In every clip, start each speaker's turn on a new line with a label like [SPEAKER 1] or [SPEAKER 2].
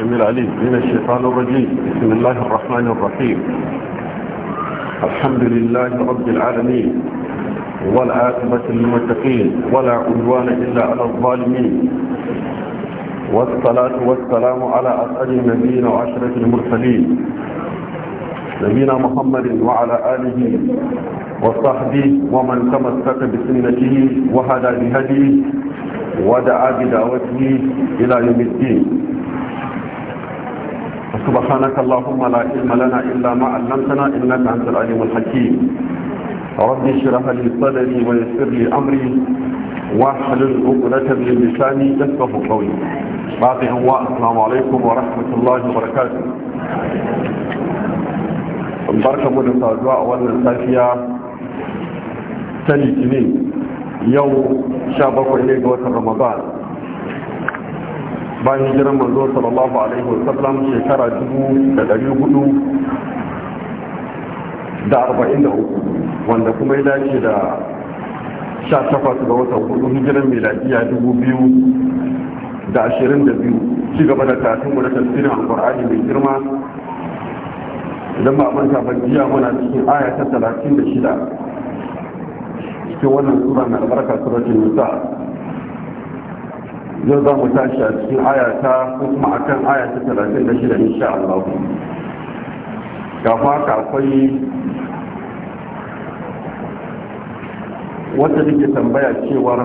[SPEAKER 1] العليم من الشيطان الرجيم بسم الله الرحمن الرحيم الحمد لله رب العالمين والعاقبة للمتقين ولا عدوان إلا على الظالمين والصلاة والسلام على أسأل النبيين وعشرة المرسلين نبينا محمد وعلى آله وصحبه ومن تمسك بسنته وهدى بهديه ودعا بدعوته إلى يوم الدين سبحانك اللهم لا علم لنا إلا ما علمتنا إنك أنت العليم الحكيم رب اشرح لي صدري ويسر لي أمري واحلل عقدة من لساني يفقه قولي باقي هو السلام عليكم ورحمة الله وبركاته barka mu da saduwa a wannan safiya ta litinin yau 17 ne ga watan ramadan bayan jiran manzo sallallahu alaihi wasallam shekara dubu da dari hudu da arba'in da uku wanda kuma ya dace da sha takwas ga watan hudu hijiran miladiya dubu biyu da ashirin da biyu ci gaba da karatun mu na tafsirin alƙur'ani mai girma idan ba manta ban jiya muna cikin aya ta talatin da shida cikin wannan sura mai albarka suratul nisa yau za mu tashi a cikin ayata ko kuma a kan ayata talatin da shida insha Allah kafa ka akwai wata nake tambaya cewar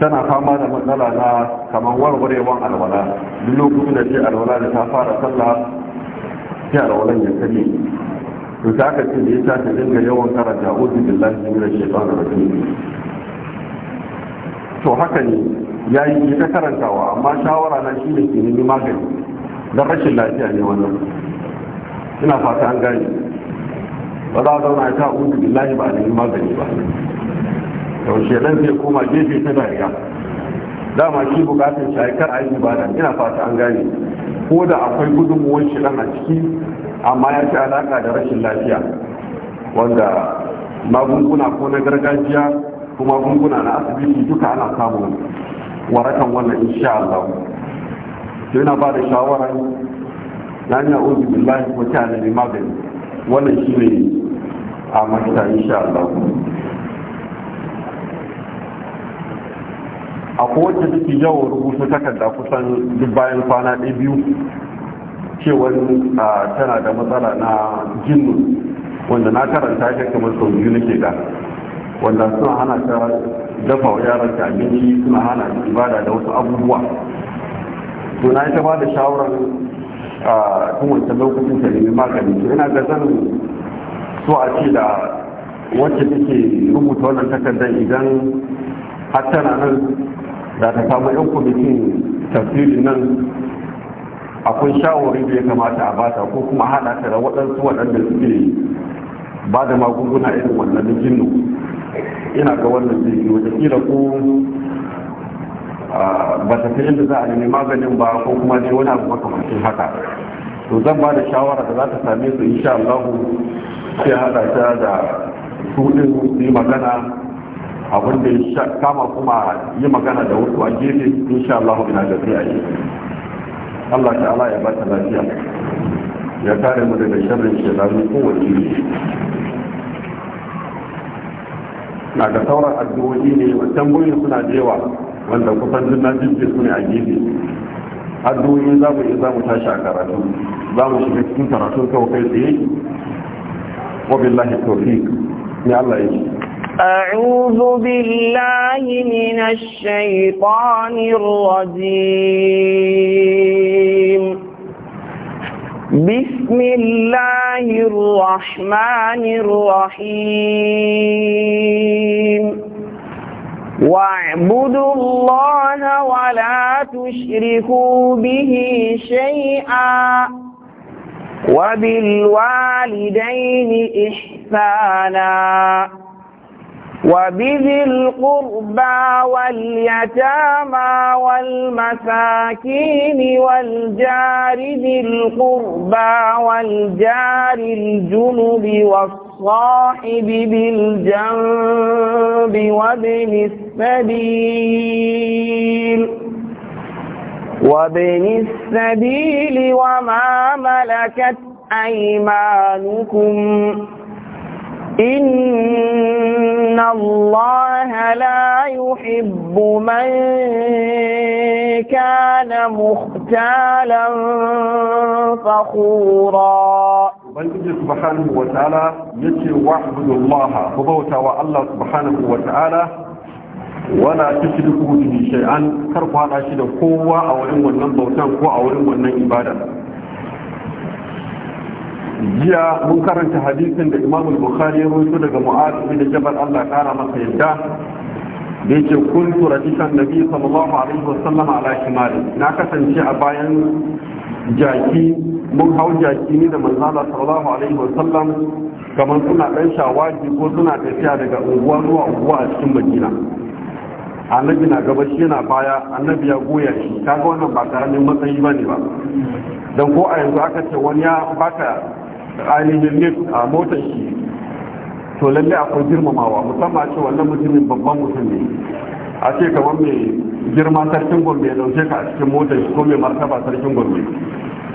[SPEAKER 1] tana fama da matsala na kamar warwarewan alwala duk lokacin da ce alwala da ta fara sallah sai alwalan ya kare to ta aka ce da ya ta dinga yawan karanta uzu billahi min ash-shaytanir rajim to haka ne ya yi ta karantawa amma shawara na shi ne ke nemi magani don rashin lafiya ne wannan ina fata an gane ba za a zauna ta uku billahi ba a nemi magani ba to shedan zai koma gefe ta dariya dama shi bukatun aiki ba da ina fata an gane ko da akwai gudunmuwan shedan a ciki amma ya ci alaka da rashin lafiya wanda magunguna ko na gargajiya kuma gunguna na asibiti duka ana samun warakan wannan insha Allah to ina ba shawara na ni a'udhu billahi wa ta'ala bi magani wannan shine a mafita insha Allah a kowace ciki yawon rubutu takarda kusan duk bayan kwana ɗaya biyu cewar tana da matsala na jinnu wanda na karanta shi kamar sau biyu nake da wanda suna hana ta dafa wa yaran ta abinci suna hana ibada da wasu abubuwa to na ta ba da shawarar a tun wancan lokacin ta nemi magani to ina ga zan so a ce da wacce take rubuta wannan takardar idan har tana nan da ta samu yan kwamitin tafsiri nan akwai shawarin da ya kamata a bata ko kuma hada ta da waɗansu waɗanda suke ba da magunguna irin wannan jinnu ina ga wannan zai watakila ko ba ta fi inda za a nemi maganin ba ko kuma dai wani abu makamancin haka to zan ba da shawara da za ta same su insha Allah sai hada ta da kudin yi magana abin da ya kama kuma yi magana da wasu a gefe insha Allah ina da a yi Allah ta'ala ya ba ta lafiya ya kare mu daga da shekaru kowace ne na da sauran addu'o'i ne wancan gurin suna da yawa wanda kusan duk na jirgin su ne a gefe addu'o'i za mu iya za mu tashi a karatu za mu shiga cikin karatu kawo kai tsaye wabillahi tawfiq ne Allah ya ce
[SPEAKER 2] أعوذ بالله من الشيطان الرجيم بسم الله الرحمن الرحيم واعبدوا الله ولا تشركوا به شيئا وبالوالدين إحسانا وبذي القربى واليتامى والمساكين والجار ذي القربى والجار الجنب والصاحب بالجنب وابن السبيل وابن السبيل وما ملكت أيمانكم إن الله لا يحب من كان مختالا فخورا
[SPEAKER 1] Ubangiji subhanahu wa ta'ala yace wa'budullaha ku bauta wa Allah subhanahu wa ta'ala wala tushriku bihi shay'an kar ku shi da kowa a wurin wannan bautan ko a wurin wannan ibada jiya mun karanta hadisin da imam bukhari ya rawaito daga mu'az da jabal Allah kara masa yadda da yake kuntu rajikan nabi sallallahu alaihi sallam ala kimali na kasance a bayan jaki mun hau jaki ne da manzala sallallahu alaihi Sallam kamar suna dan shawaji ko suna tafiya daga unguwa zuwa unguwa a cikin madina annabi na gaba yana baya annabi ya goya shi kaga wannan ba karamin matsayi bane ba dan ko a yanzu aka ce wani ya baka ainihin ne a motar shi to lalle akwai girmamawa musamman ce wannan mutumin babban mutum ne a ce kamar mai girma sarkin gombe ya dauke ka a cikin motar shi ko mai martaba sarkin gombe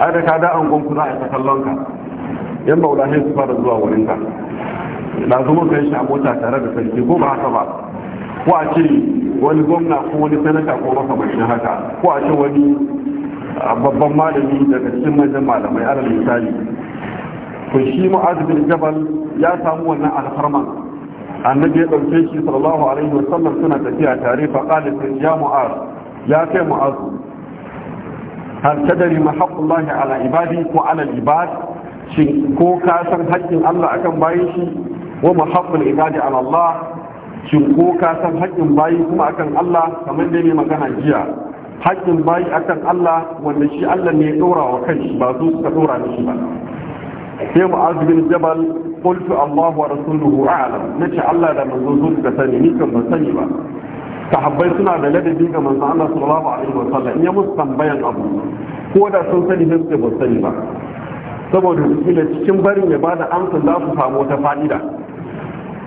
[SPEAKER 1] ai da ka da an gonku za a yi kallon ka yan baula sai su fara zuwa wurin ka na zo kai shi a mota tare da sarki ko ba haka ba ko a ce wani gwamna ko wani sanata ko makamancin haka ko a ce wani babban malami daga cikin manyan malamai alal misali to shi mu'az bin jabal ya samu wannan alfarma. annabi ya dauke shi sallallahu alaihi wasallam suna tafiya tare fa qala ya mu'az ya kai mu'az hal tadri ma haqqullahi ala ibadi ko ala ibad shin ko ka san haƙƙin Allah akan bayin shi wa ma haqqul ibadi ala Allah shin ko ka san haƙƙin bayi kuma akan Allah kamar da ne magana jiya haƙƙin bayi akan Allah wanda shi Allah ne ya ɗora wa kanshi ba su suka ɗora shi ba sai mu'az bin jabal qultu Allah wa rasuluhu a'lam nace Allah da manzo su ka sani ni kan ban sani ba sahabbai suna da ladabi ga manzo Allah sallallahu alaihi wa sallam ya musu tambayan abu ko da sun sani sai suka ban sani ba saboda kila cikin barin ya bada amsa za su samu wata fa'ida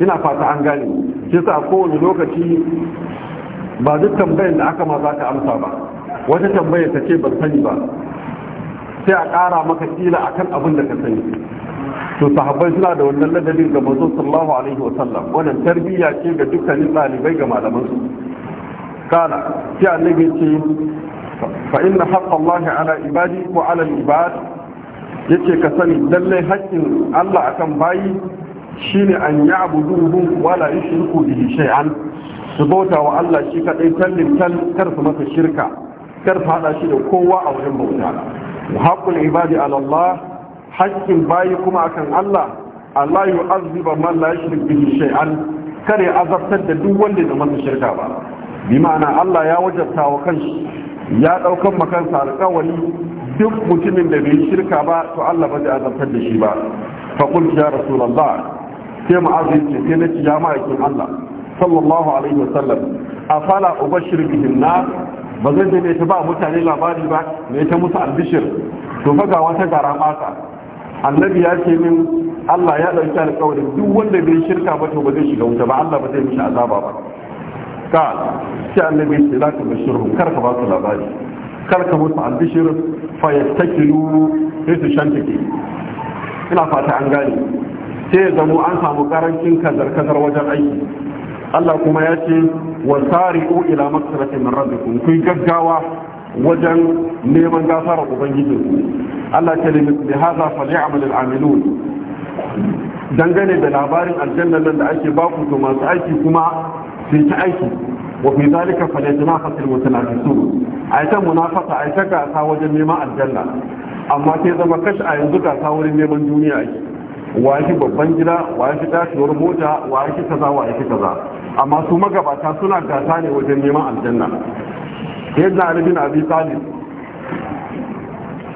[SPEAKER 1] ina fata an gane shi sa kowane lokaci ba duk tambayar da aka ma za ka amsa ba wata tambayar ta ce ban sani ba sai a ƙara maka kila akan abin da ka sani to sahabbai suna da wannan ladabin ga manzo sallallahu alaihi wa sallam wannan tarbiyya ce ga dukkanin ɗalibai ga malaman su kana sai annabi ce fa inna haqqa Allah ala ibadi wa ala al-ibad yace ka sani lalle haƙƙin Allah akan bayi shine an ya'buduhu wa la yushriku bihi shay'an su bauta wa Allah shi kadai tallin tal kar su masa shirka kar su shi da kowa a wajen bauta haqqul ibadi ala Allah haƙƙin bayi kuma akan Allah Allah ya azziba man la yushrik bihi shay'an kare azabtar da duk wanda da masa shirka ba bi ma'ana Allah ya wajabta wa kanshi ya daukan makansa alƙawari duk mutumin da bai shirka ba to Allah ba zai azabtar da shi ba fa qul ya rasulullah sai ma'azin ce sai na ya ma'aikin Allah sallallahu alaihi wasallam afala ubashir bihin na ba zan je ne ta ba mutane labari ba ne ta musu albishir to fa ga wata gara annabi ya ce min Allah ya ɗauki alƙawarin duk wanda bai shirka ba to ba zai shiga wuta ba Allah ba zai mishi azaba ba ka sai annabi ya ce la ta bashiru kar ka ba su labari kar ka musu albishir fa yastakilu sai su shantake ina fata an gane sai ya zamo an samu karancin kazar kazar wajen aiki Allah kuma ya ce wa sari'u ila maghfiratin min rabbikum kun gaggawa wajen neman gafara ubangijinku Allah ta limi bi hadha falyamal al'amilun dangane da labarin aljanna nan da ake baku to masu aiki kuma sai ta aiki wa fi zalika falyatanafasul mutanafisun ayatan munafasa ayata gasa wajen neman aljanna amma sai zama kashi a yanzu gasa wurin neman duniya ake wa yake babban gida wa yake tashiwar mota wa yake kaza wa yake kaza amma su magabata suna gasa ne wajen neman aljanna sai na alibin abi talib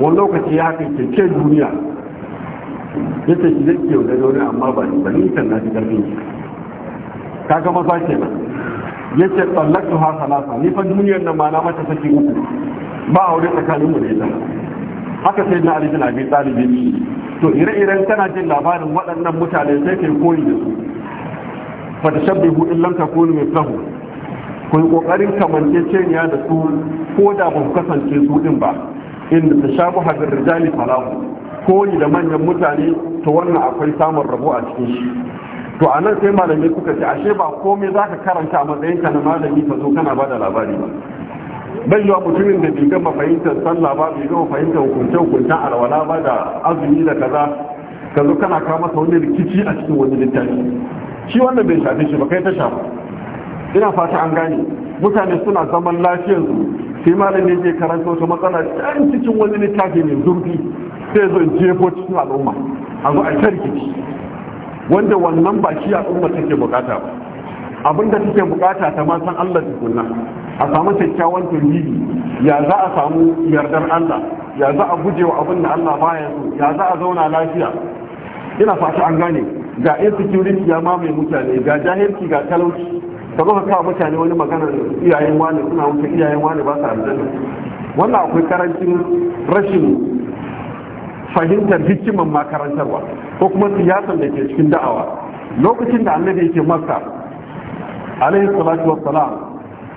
[SPEAKER 1] wani lokaci ya haka keke duniya ya ce shi zai yau da wani amma ba ni bani kan na fi karfin ki gama ga maza ke ba ya ce ha salasa ni fa duniyar nan ma na mata saki uku ba aure tsakanin mu ne ta haka sai na alibin abi talib ne to ire-iren kana jin labarin waɗannan mutane sai kai koyi da su fa tashabbihu illam takunu mithlahu ku yi ƙoƙarin kamanceceniya da su ko da ba kasance su din ba inda ta sha buhar rijali Falahu, ko ni da manyan mutane ta wannan akwai samun rabo a cikin shi to a nan sai malamai kuka ce ashe ba komai za ka karanta a ka na malami ka zo kana ba da labari ba bai yiwa mutumin da bai gama fahimtar sallah ba bai gama fahimtar hukunce-hukuncen alwala ba da azumi da kaza ka zo kana kama masa wani rikici a cikin wani littafi shi wannan bai shafe shi ba kai ta shafa ina fata an gane mutane suna zaman lafiyarsu sai malamin ke karanta wata matsala can cikin wani littafi mai zurfi sai zo jefo cikin al'umma a zo a tarki wanda wannan ba shi al'umma take bukata ba abinda take bukata ta ma san Allah kunna a samu kyakkyawan tauhidi ya za a samu yardar Allah ya za a guje wa abin da Allah baya so ya za a zauna lafiya ina fata an gane ga insecurity ya mamaye mutane ga jahilci ga talauci ka ka kawo mutane wani magana iyayen wani suna wuce iyayen wani ba sa aljanna wannan akwai karancin rashin fahimtar hikiman makarantarwa ko kuma siyasan da ke cikin da'awa lokacin da annabi yake maka alaihi salatu wassalam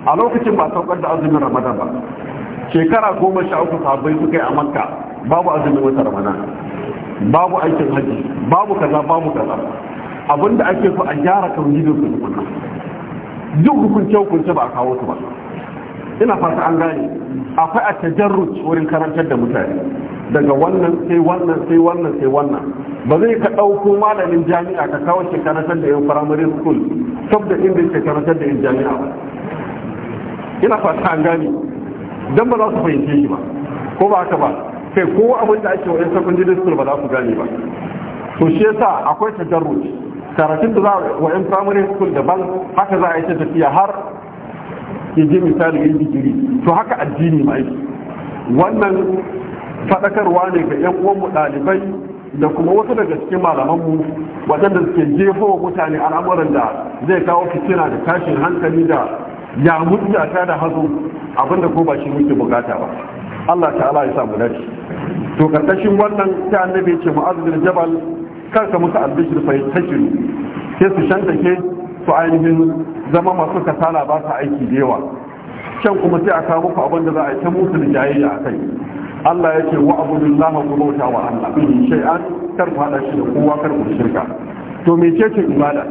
[SPEAKER 1] a lokacin ba saukar da azumin ramadan ba shekara goma sha uku sahabbai su kai a makka babu azumin wata ramadan babu aikin haji babu kaza babu kaza abinda ake so a gyara gidan su tukunna duk hukunce hukunce ba a kawo su ba ina fata an gane akwai a tajarruc wurin karantar da mutane daga wannan sai wannan sai wannan sai wannan ba zai ka ɗauko malamin jami'a ka kawo shi karantar da yan firamare school saboda inda yake karantar da yan jami'a ba ina fata an gane dan ba za su fahimce shi ba ko ba haka ba kai ko abin da ake wa yan secondary school ba za su gane ba to shi yasa akwai tajarruc karatun da za a wa'in primary school daban haka za a yi ta tafiya har ke je misali yin digiri to haka addini ma yake wannan faɗakarwa ne ga 'yan uwanmu ɗalibai da kuma wasu daga cikin malamanmu waɗanda suke jefo wa mutane al'amuran da zai kawo fitina da tashin hankali da ya mutu mutata da hazo abinda ko ba shi muke bukata ba Allah ta'ala ya samu dace to karkashin wannan ta annabi ce mu'azzir jabal kar ka musu albishir fa yattakilu sai su ke su ainihin zama masu kasala ba su aiki da yawa can kuma sai a kawo muku abin da za a yi ta musu da jayayya a kai Allah ya ce wa abudun lama bauta wa Allah bi shay'an kar ku hada shi da kowa kar ku shirka to me ce ce ibada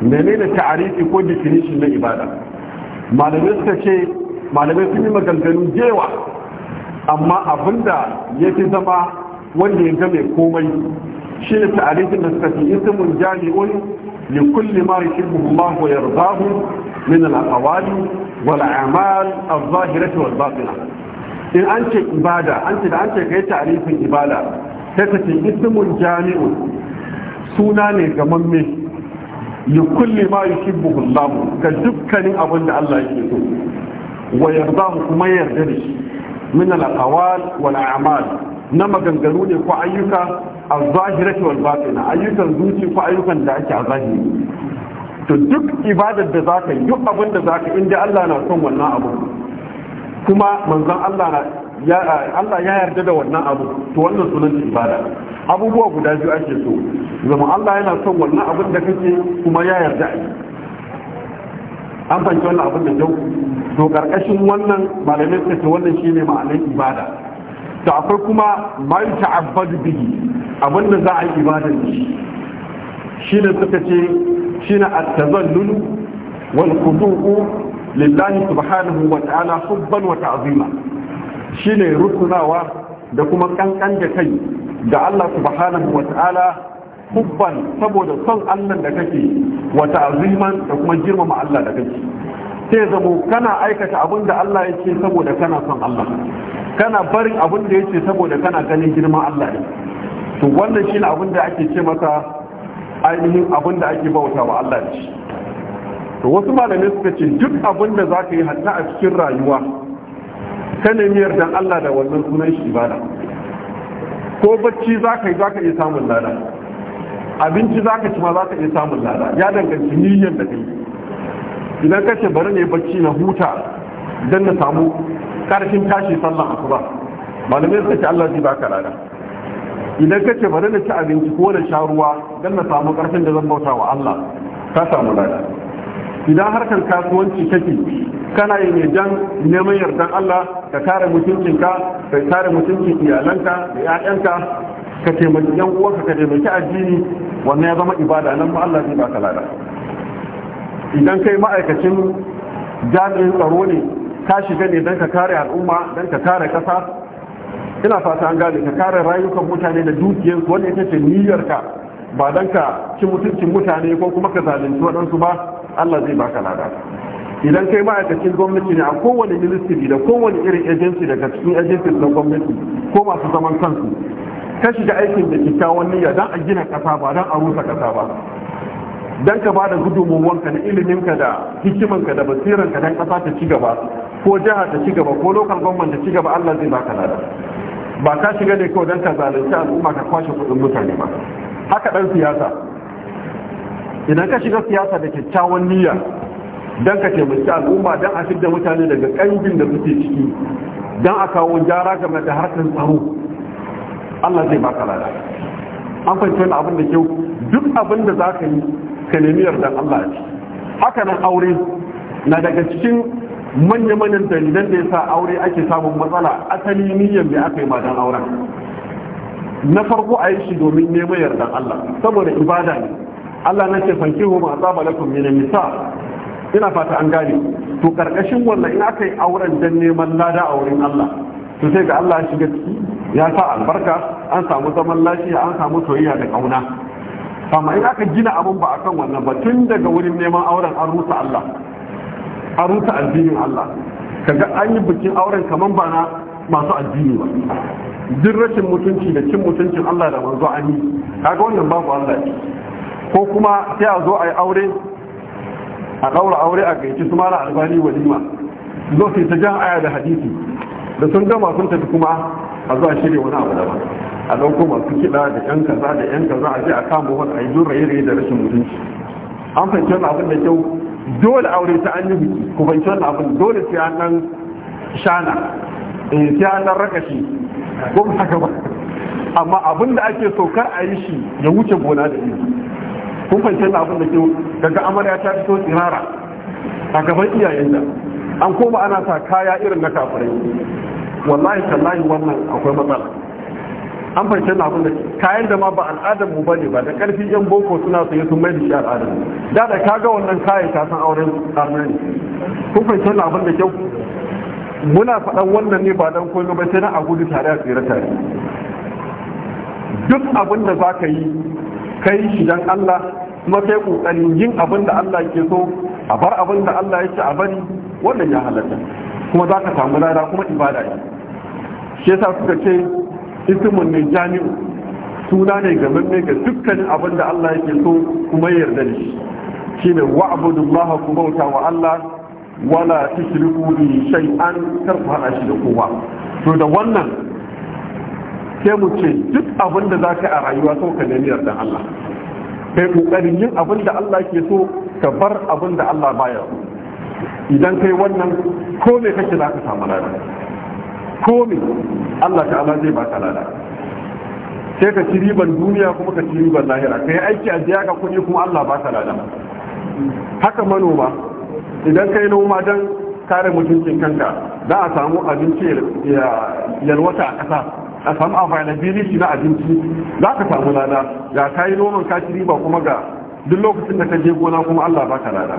[SPEAKER 1] menene ta'arifi ko definition na ibada malamai suka ce malamai sun yi maganganu jewa amma abinda ya fi zama wanda ya game komai shi ne ta'arifin da suka fi ismun jami'un li kulli ma yuhibbu Allah wa yardahu min al-aqwali wal a'mal adh-dhahirati wal batina in an ce ibada an ce da an ce kai ta'arifin ibada sai ka ce ismun jami'un suna ne ga mamme li kulli ma yuhibbu Allah ga dukkanin abin da Allah yake so wa yardahu kuma yarda da shi min al-aqwal wal a'mal na maganganu ne ko ayyuka a zahirati wal na ayyukan zuci ko ayyukan da ake a zahiri to duk ibadar da za ka yi duk abin da ka inda Allah na son wannan abu kuma manzan Allah na ya Allah ya yarda da wannan abu to wannan sunan ibada abubuwa guda biyu ake so zama Allah yana son wannan abin da kake kuma ya yarda a yi. an fanci wannan abin da kyau to karkashin wannan malamai suka ce wannan shi ne ma'anar ibada da akwai kuma mai ta'abbadu bihi da za a yi ibadar shi ne suka ce shine at-tazallul wal khudu'u lillahi subhanahu wa ta'ala hubban wa ta'zima ne rukunawa da kuma kankan da kai da Allah subhanahu wa ta'ala hubban saboda son Allah da kake wa ta'ziman da kuma girmama Allah da kake sai zamo kana aikata abin da Allah ce saboda kana son Allah kana barin abin da yake saboda kana ganin girman Allah ne to wannan shine abin da ake ce masa ainihin abin da ake bauta wa Allah ne to wasu malamai suka ce duk abin da zaka yi hatta a cikin rayuwa kana miyar dan Allah da wannan sunan shi ibada ko bacci zaka yi zaka iya samun lada abinci zaka ci ma zaka iya samun lada ya danganci niyyar da kai idan ka ce bari ne bacci na huta dan na samu karfin tashi sallan ba. malamai suka ce Allah zai ka rana idan ka ce bari na ci abinci ko na sha ruwa dan na samu karfin da zan bauta wa Allah ka samu rana idan harkar kasuwanci kake kana yin yardan neman yardan Allah ka kare mutuncinka ka kare mutuncin iyalanka da ƴaƴanka ka taimaki yan uwanka ka taimaki addini wannan ya zama ibada nan ba Allah zai ka lada idan kai ma'aikacin jami'in tsaro ne ka shiga ne don ka kare al'umma don ka kare kasa. ina fata an gane ka kare rayukan mutane da dukiyarsu wanda ita ce niyyarka ba don ka ci mutuncin mutane ko kuma ka zalunci waɗansu ba Allah zai baka lada idan kai ma'aikacin gwamnati ne a kowane ministry da kowane irin agency daga cikin agencies na gwamnati ko masu zaman kansu ka shiga aikin da kyakkyawan niyya don a gina kasa ba don a rusa kasa ba don ka ba da gudunmuwanka da iliminka da hikimanka da basiranka don kasa ta ci gaba ko jiha ta ci gaba ko lokal gwamnan ta ci gaba Allah zai baka lada ba ka shiga ne kawai don ka zalunci al'umma ka kwashe kuɗin mutane ba haka dan siyasa idan ka shiga siyasa da kyakkyawan niyya don ka taimaki al'umma don a fidda mutane daga ƙangin da suke ciki don a kawo gyara game da harkar tsaro Allah zai baka lada an fahimci wani abin da kyau duk abin da za ka yi ka nemi yardan Allah a haka nan aure na daga cikin manya-manyan dalilan da ya sa aure ake samun matsala asali niyyar da aka yi ma dan auren na farko a yi shi domin neman yardan Allah saboda ibada ne Allah na ce fanki ma asaba lakum nisa ina fata an gane to karkashin wannan in aka yi auren dan neman lada a wurin Allah to sai ga Allah shiga ciki ya sa albarka an samu zaman lafiya an samu soyayya da kauna amma in aka gina abun ba akan wannan ba tun daga wurin neman auren an rusa Allah a rusa addinin Allah kaga an yi bikin auren kaman ba na masu addini ba duk rashin mutunci da cin mutuncin Allah da manzo an yi kaga wannan babu Allah ko kuma sai a zo a yi aure a ɗaura aure a gaici su mara albani walima zo sai ta jan aya da hadisi da sun gama sun tafi kuma a zo a shirya wani abu daban a ɗauko masu kiɗa da ƴan kaza da yan kaza a je a kama wani a yi jin raye-raye da rashin mutunci an fahimci wani abin da kyau dole aure ta an yi biki ku fahimci wannan abin dole sai an nan shana eh sai an nan rakashi ko ba haka ba amma abin da ake so kar a yi shi ya wuce gona da yi kun fahimci na abin da ke daga amarya ta fito tsirara a gaban iyayen da an koma ana sa kaya irin na kafirai wallahi tallahi wannan akwai matsala an fahimtar na abin da kayan da ma ba al'adar mu bane ba da karfi yan boko suna yi sun mai da shi al'adar da da kaga wannan kayan ka san auren ne kun fahimtar na abin da kyau muna faɗan wannan ne ba dan komai ba sai na a gudu tare a tsira tare duk abin da za ka yi kai shi dan Allah kuma kai kokarin yin abin da Allah yake so a bar abin da Allah yake a bari wannan ya halatta kuma za ka samu lada kuma ibada ne shi yasa suka ce ismun ne jami'u suna ne ga mamme ga dukkanin abin da Allah yake so kuma yarda da shi shine wa'budullaha ku bauta wa Allah wala tushriku bi shay'an an karfa hana shi da kowa to da wannan sai mu ce duk abin da zaka a rayuwa so ka nemi yardan Allah kai kokarin yin abin da Allah ke so ka bar abin da Allah baya idan kai wannan ko me kake zaka samu lafiya komi Allah ta'ala zai baka lada sai ka ci riban duniya kuma ka ci riban lahira ka aiki a jiya ga kuɗi kuma Allah ba lada haka manoma idan ka noma dan kare mutuncin kanka za a samu abinci yalwata a ƙasa a samu availability na abinci za ka samu lada ga ka yi noman ka ci riba kuma ga duk lokacin da ka je gona kuma Allah baka lada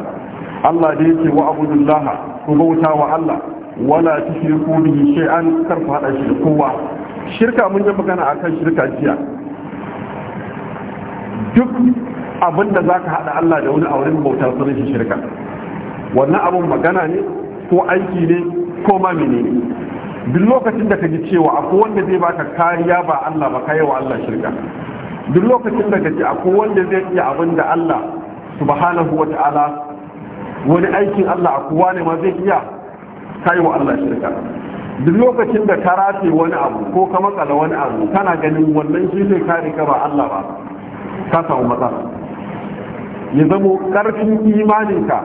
[SPEAKER 1] Allah da yake wa abudullaha ku bauta wa Allah wala tushriku bihi shay'an kar ku hada shi da kowa shirka mun yi magana akan shirka jiya duk abin da zaka hada Allah da wani auren bauta sunan shi shirka wannan abun magana ne ko aiki ne ko ma ne? duk lokacin da kaji cewa akwai wanda zai baka kariya ba Allah ba kai wa Allah shirka duk lokacin da kaji akwai wanda zai iya abin da Allah subhanahu wa ta'ala wani aikin Allah a kowa ne ma zai iya kai wa Allah shirka duk lokacin da ka rafe wani abu ko ka matsala wani abu kana ganin wannan shi zai kare ka ba Allah ba ka samu matsala ya zamo karfin imaninka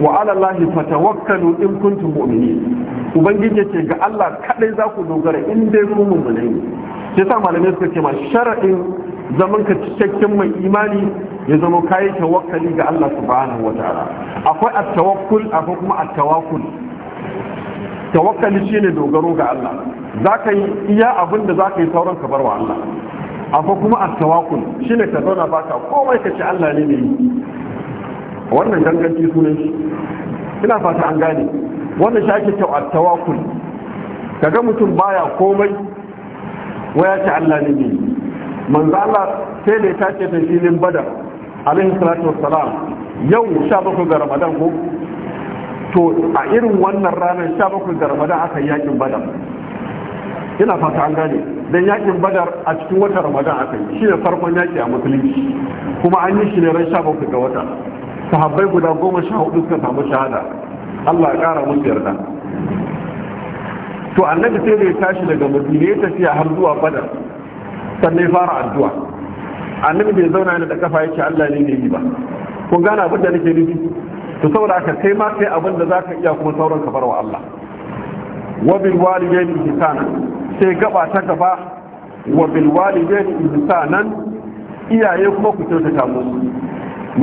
[SPEAKER 1] wa alallahi fatawakkalu in kuntum mu'minin ubangiji ce ga Allah kadai za ku dogara in dai ku mu'minin ne sai sa malamai suka ce ma shar'in zaman ka cikakken mai imani ya zama kayi tawakkali ga Allah subhanahu ta'ala akwai at-tawakkul akwai kuma at-tawakkul tawakkali shine dogaro ga Allah zaka yi iya abin da zaka yi sauran ka barwa Allah akwai kuma at-tawakkul shine ka zauna baka komai ka ce Allah ne ne wannan danganci sunan shi ina fata an gane wannan shi ake at-tawakkul kaga mutum baya komai waya ce Allah ne ne Manzala sai da ya tace ta filin badar alaihi salatu wassalam yau 17 ga ramadan ko to a irin wannan ranar 17 ga ramadan aka yi yakin badar ina fata an gane dan yakin badar a cikin wata ramadan aka yi shi ne farkon yaki a musulunci kuma an yi shi ne ran 17 ga wata sahabbai guda goma sha hudu suka samu shahada Allah ya kara musu yarda to annabi sai da ya tashi daga madina ya tafiya har zuwa badar sannan fara addu'a annabi bai zauna ne da kafa yake Allah ne yi ba kun gane abin da nake nufi to saboda haka kai ma kai abin da zaka iya kuma sauran ka barwa Allah wa bil walidayni ihsana sai gaba ta gaba wa bil walidayni ihsana iyaye kuma ku kyautata musu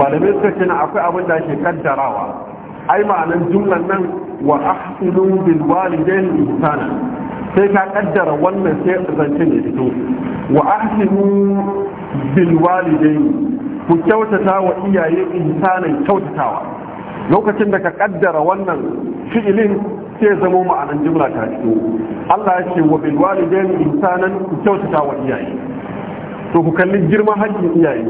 [SPEAKER 1] malamai suka ce na akwai abin da ake kaddarawa ai ma'anan jumlan nan wa ahsinu bil walidayni ihsana sai ka kaddara wannan sai zancen ya fito wa ahlihu bil walidayn ku kyautata wa iyaye insanan kyautatawa lokacin da ka kaddara wannan fi'ilin sai zama ma'anan jimla ta fito Allah ya ce wa bil walidayn insanan ku kyautata wa iyaye to ku kalli girman harkin iyaye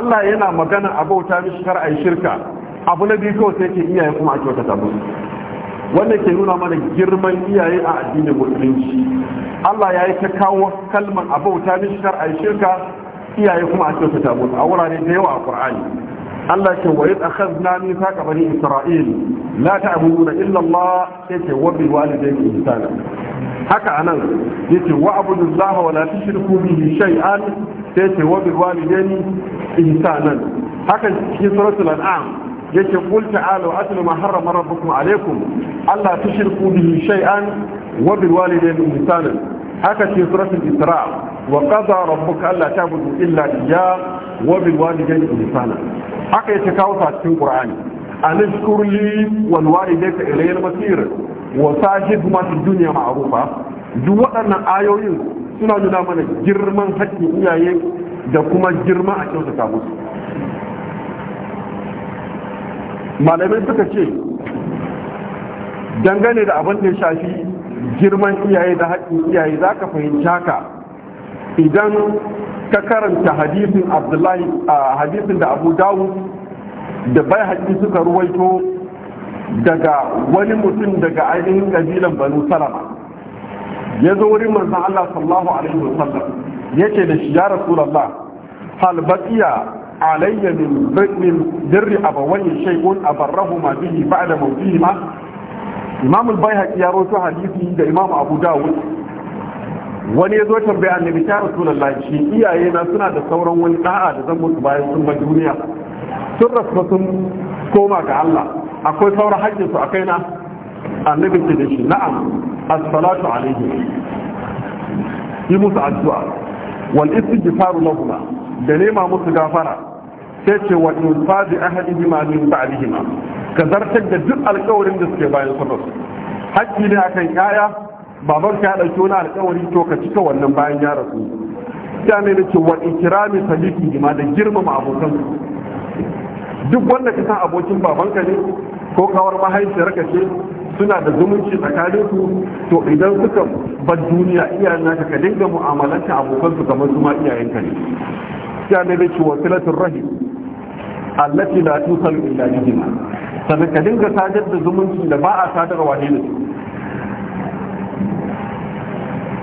[SPEAKER 1] Allah yana magana a bauta mishi kar ai shirka abu na biyu kawai sai ke iyaye kuma a kyautata musu wanda ke nuna mana girman iyaye a addinin musulunci Allah ya yi ta kawo kalman a bauta min a shirka iyaye kuma a cikin ta a wurare da yawa a Qur'ani Allah ke wa yadda akhadna min ka bani Isra'il la ta'buduna illa Allah yake wa bil walidayni ihsana haka anan yake wa abudullaha wa la tushriku bihi shay'an yake wa bil walidayni ihsana haka cikin suratul an'am yake qul ta'alu atlu ma harrama rabbukum alaykum alla tushriku bihi shay'an wa bil walidayni ihsana haka ce suratul isra wa qada rabbuka alla ta'budu illa iyyah wa bil walidayni ihsana haka yake kawo ta cikin qur'ani an shkur li wal walidayka ilayya masir wa sahibhuma fid dunya ma'rufa duk waɗannan ayoyin suna nuna mana girman haƙƙin iyaye da kuma girma a kyautata musu malamai suka ce dangane da abin da ya shafi girman iyaye da haƙƙin iyaye za ka fahimci haka idan ka karanta hadisin abdullahi a hadisin da abu dawud da bai haƙƙi suka ruwaito daga wani mutum daga ainihin ƙabilan banu salama ya zo wurin manzan allah Sallahu alaihi wasallam ya ce da shi ya rasulallah hal alayya min min dirri abawai shay'un abarrahuma bihi ba'da mawtihima Imam al-Baihaqi ya rawaito hadisi da Imam Abu wani ya zo tambaya annabi ta rasulullahi shi iyaye na suna da sauran wani da'a da zan mutu bayan sun ba duniya sun rasu sun koma ga Allah akwai sauran su a na? annabi ce da shi na'am as-salatu alayhi yi musu addu'a wal istighfaru lahum da nema musu gafara sai ce wa in fadi ma min ba'dihima ka zartar da duk alƙawarin da suke bayan sun rasu hakki ne akan yaya baban ka dauki wani alƙawari to ka cika wannan bayan ya rasu ya ne nake wa ikrami ma da girmama abokan duk wanda ka san abokin babanka ne ko kawar ka ce suna da zumunci tsakanin su to idan suka bar duniya iyayen naka ka dinga mu'amalanta abokan su kamar su ma iyayenka ne sha ne bai ci wasilatul rahim allati la tusal ila jihim sannan ka dinga sadar da zumunci da ba a sadarwa ne da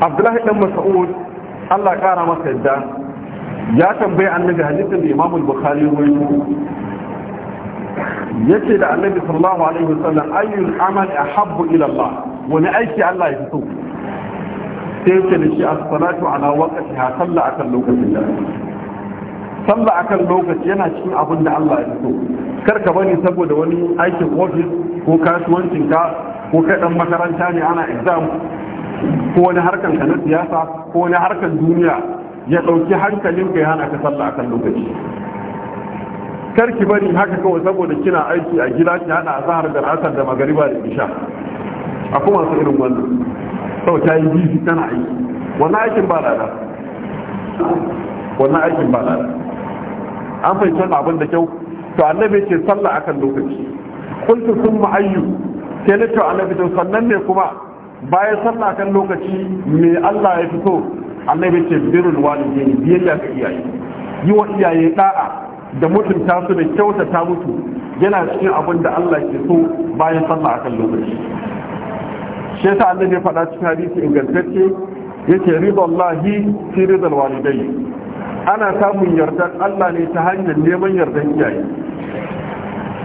[SPEAKER 1] Abdullahi dan Mas'ud Allah kara masa yadda ya tambaye annabi hadisin da Imam Bukhari ya rawaito yace da annabi sallallahu alaihi wasallam ayyul amal ahabbu ila Allah wani aiki Allah ya fito sai yake da shi as-salatu ala waqtiha salla akan lokacin da ba akan lokaci yana cikin abin da Allah ya so kar ka bani saboda wani aikin ofis ko kasuwancin ka ko kai dan makaranta ne ana exam ko wani harkan ka na siyasa ko wani harkan duniya ya dauki hankalin ka yana ka sallah akan lokaci kar ki bari haka kawai saboda kina aiki a gida ki hada azhar da asar da magariba da isha akwai masu irin wannan sau ta yi jiji tana aiki wannan aikin ba lada wannan aikin ba lada an fahimci wannan abin da kyau to annabi ce sallah akan lokaci kuntu sun ma'ayyu sai na ce annabi to sannan ne kuma bayan sallah kan lokaci me Allah ya fito annabi ce birrul biyar biyayya ga iyaye yi wa iyaye da'a da mutunta su da kyautata mutu yana cikin abin da Allah ke so bayan sallah akan lokaci shi yasa annabi ya faɗa cikin hadisi ingantacce yake ridallahi fi ridal walidai ana samun yardan Allah ne ta hanyar neman yardan iyaye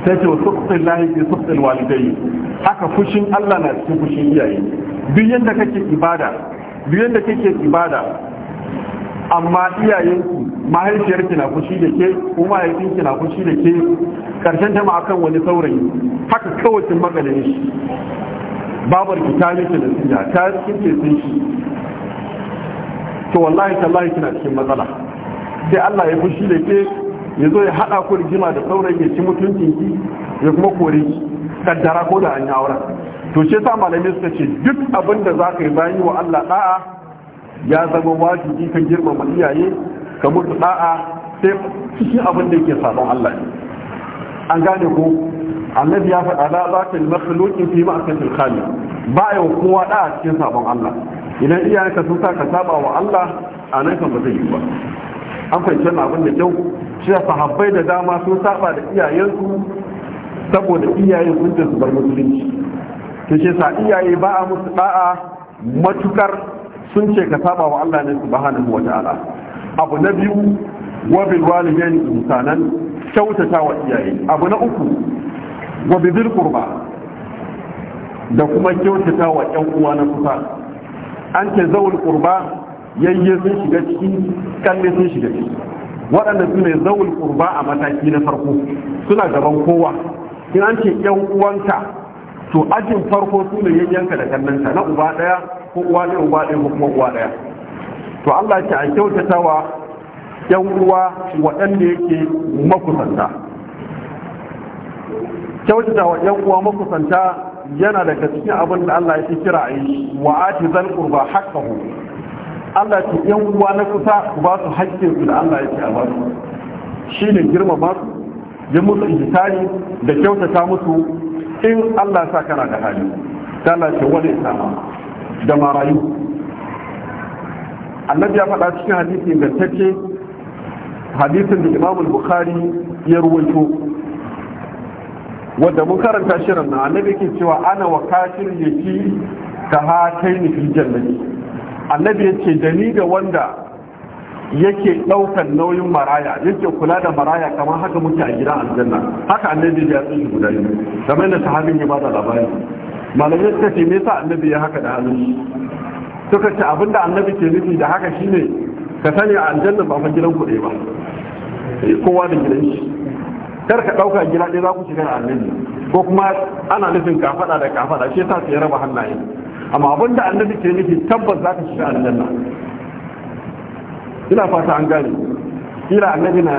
[SPEAKER 1] ta ce suqtil lahi fi suqtil walidai haka fushin Allah na cikin fushin iyaye duk yanda kake ibada duk yanda kake ibada amma iyayenku mahaifiyarki na fushi da ke kuma mahaifinki na fushi da ke karshen ta akan wani saurayi haka kawai sun makalin shi babar ki ta miki da siya ta cikin ke sun shi to wallahi tallahi kina cikin matsala sai Allah ya fushi da ke ya zo ya haɗa ku rigima da sauran ya ci mutuncin ki ya kuma kori kaddara ko da an yi auren to ce sa malamai suka ce duk abin da za ka yi bayan yi wa Allah da'a ya zama wajibi ka girmama iyaye ka mutu da'a sai cikin abin da yake sabon Allah an gane ko annabi ya faɗa da za ka yi makhluqin fi ma'asatil khaliq ba yau kowa da'a cikin sabon Allah idan iyayenka sun sa ka saba wa Allah a nan kan ba zai yi ba an fahimci wannan abin da kyau shi sahabbai da dama sun saba da iyayensu saboda iyayen sun su bar musulunci to shi sa iyaye ba a musu da'a matukar sun ce ka saba wa Allah ne subhanahu wata'ala abu na biyu wa bil walidaini insanan kyautata wa iyaye abu na uku wa dhil qurba da kuma kyautata wa ƴan uwa na kusa an ce zawul qurba yayye sun shiga ciki kalle sun shiga ciki waɗanda su ne zawul kurba a mataki na farko suna gaban kowa in an ce yan uwanka to ajin farko su ne yayyanka da kallonka na uba ɗaya ko uwa ɗaya uba ɗaya ko kuma uwa ɗaya to Allah ce a kyautatawa yan uwa waɗanda yake makusanta kyautatawa yan uwa makusanta yana daga cikin abin da Allah ya kira a yi wa ati zal qurba haqqahu Allah ce yan uwa na kusa ba su haƙƙin su da Allah ya yake a ba su shine girmama su yi musu ihsani da kyautata musu in Allah sa kana da hali ta Allah ce wani sama da marayu annabi ya faɗa cikin hadisi tace hadisin da Imam Bukhari ya ruwaito wanda mun karanta shirin na annabi ke cewa ana wa kafir yake ka ha ni fil jannati annabi ya ce da ni da wanda yake ɗaukan nauyin maraya yake kula da maraya kamar haka muke a gidan aljanna haka annabi ya tsinci guda biyu kamar da sahabin ya bada labari malamai suka ce me yasa annabi ya haka da hannun suka ce abinda annabi ke nufi da haka shine ka sani a aljanna ba fa gidan kuɗe ba eh, kowa da gidan shi kar ka ɗauka gida ɗaya za ku shiga da annabi ko kuma ana nufin kafaɗa da kafaɗa shi yasa su ya raba hannaye amma da annabi ke nufi tabbas za ka shiga aljanna ina fata an gane kila annabi na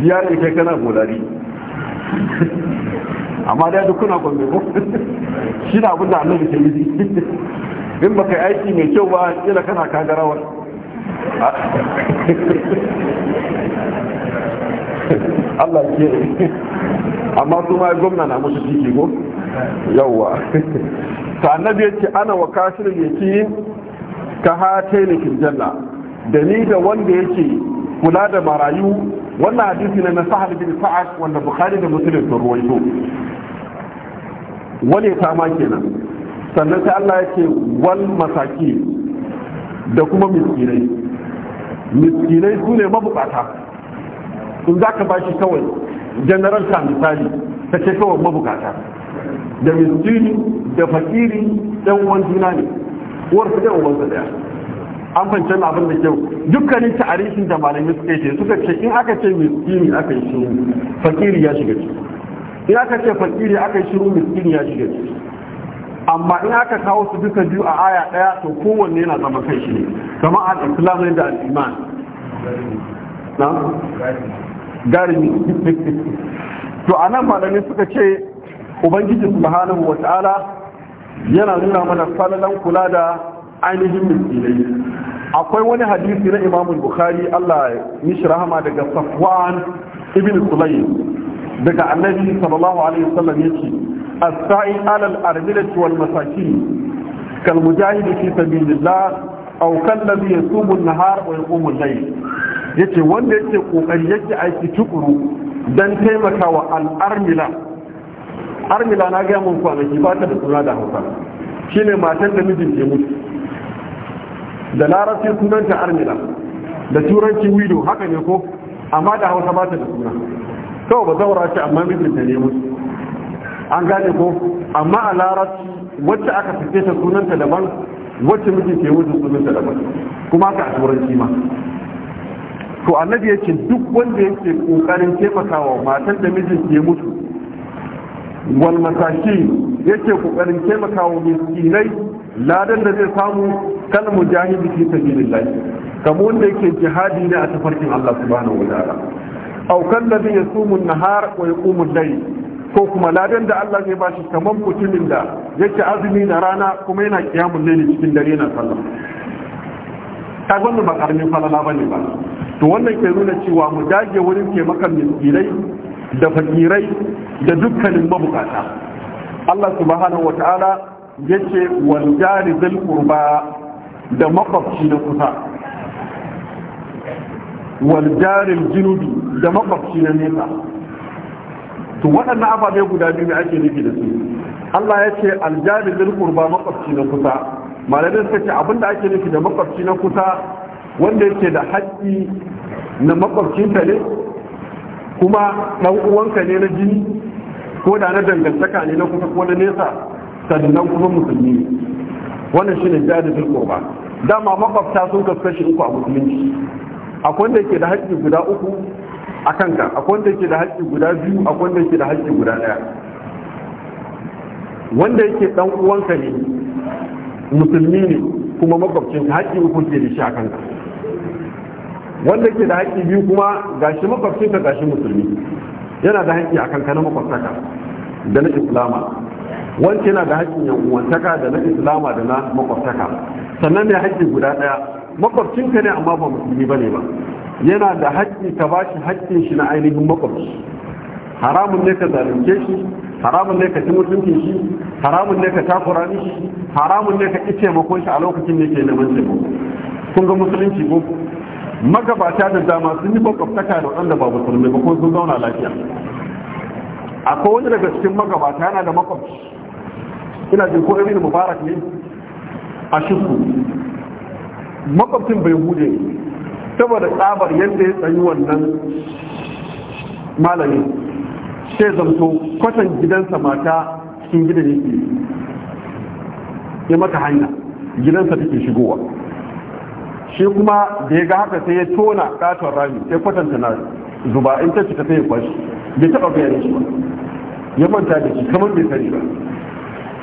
[SPEAKER 1] biya ne kai kana bolari amma da duk kuna gombe ko shi na da annabi ke nufi in ba kai aiki mai kyau ba kila kana kagarawar Allah ke amma su ma gwamna na musu fiki ko yawwa to annabi yace ana wa kafirul yake ka hataini fil janna da ni da wanda yake kula da marayu wannan hadisi ne na sahal bin sa'ad wanda bukhari da muslim sun ruwaito wani ta ma kenan sannan sai Allah yake wal masaki da kuma miskinai miskinai su ne mabukata in za ka bashi kawai general ka misali ka ce kawai mabukata da miskini da fakiri dan uwan juna ne uwar su da uwansa daya an fance na abin da kyau dukkanin tarihin da malamai suka ce suka ce in aka ce miskini aka yi shiru fakiri ya shiga ciki in aka ce fakiri aka yi shiru miskini ya shiga ciki amma in aka kawo su duka biyu a aya daya to kowanne yana zama kai shi ne kama al-islam ne da al-iman na garimi to anan malamai suka ce ubangiji subhanahu wata'ala yana nuna mana salalan kula da ainihin miskinai akwai wani hadisi na imam bukhari Allah mishi rahama daga safwan ibn sulaym daga annabi sallallahu alaihi wasallam yace as-sa'i ala al-arbilati wal masakin kal mujahid fi sabilillah aw kal ladhi yasumu an-nahar wa yaqumu al-layl yace wanda yake kokari yake aiki tukuru dan taimakawa al-armila armila na gaya mun kwanaki ba ta da suna da hausa shine matan da mijin ke mutu da larabci sunanta armila da turanci wido haka ne ko amma da hausa ba ta da suna kawai ba zaura ce amma mijin ta ne mutu an gane ko amma a larabci wacce aka fice ta sunanta daban wacce mijin ke mutu sunanta daban kuma ka a turanci ma to annabi ya ce duk wanda yake kokarin taimakawa matan da mijin ke mutu wal yake kokarin taimakawa miskinai ladan da zai samu kan mujahidi fi sabilillah kamar wanda yake jihadi ne a tafarkin Allah subhanahu wa ta'ala aw kan ladhi yasumu an-nahar wa yaqumu al-layl ko kuma ladan da Allah zai bashi kamar mutumin da yake azumi da rana kuma yana kiyamun layli cikin dare na sallah ta gwamna ba karamin falala bane ba to wannan ke nuna cewa mu dage wurin taimakon miskinai da fakirai da dukkanin mabukata Allah subhanahu wata'ala yace wal jari zal qurba da makwabci na kusa wal jari da makwabci na nesa to waɗannan ababe guda biyu ne ake nufi da su Allah ya ce aljari zal qurba makwabci na kusa malamin suka ce abinda ake nufi da makwabci na kusa wanda yake da haƙƙi na makwabcinta ne kuma ɗan uwanka ne na jini ko da na dangantaka ne na kusa ko na nesa sannan kuma musulmi ne wannan shine da qurba dama makwabta sun shi uku a musulunci akwai wanda yake da haƙƙi guda uku a kanka akwai wanda yake da haƙƙi guda biyu akwai wanda yake da haƙƙi guda ɗaya wanda yake ɗan uwanka ne musulmi ne kuma makwabcin haƙƙi uku ke da shi a kanka wanda ke da haƙƙi biyu kuma gashi makwabcin ka gashi musulmi yana da haƙƙi a kankanin makwabtaka da na islama wance yana da haƙƙin yan uwantaka da na islama da na makwabtaka sannan mai haƙƙi guda ɗaya makwabcin ne amma ba musulmi ba ne ba yana da haƙƙi ka bashi haƙƙin shi na ainihin makwabci haramun ne ka zalunce shi haramun ne ka ci mutuncin shi haramun ne ka takura shi haramun ne ka ƙi taimakon shi a lokacin da yake neman taimako kun ga musulunci ko magabata da dama sun yi makwabtaka da wanda ba musulmi ba ko sun zauna lafiya akwai wani daga cikin magabata yana da makwabci ina jin ko irin mubarak ne a shirku makwabcin bai hude saboda tsabar yadda ya tsayi wannan malami sai zamto kwatan gidansa mata cikin gidan yake yi mata hanya gidansa take shigowa shi kuma da ya ga haka sai ya tona katon rami sai kwatanta na zuba in ta cika sai ya kwashi bai taɓa bayyana shi ba ya manta da shi kamar bai sani ba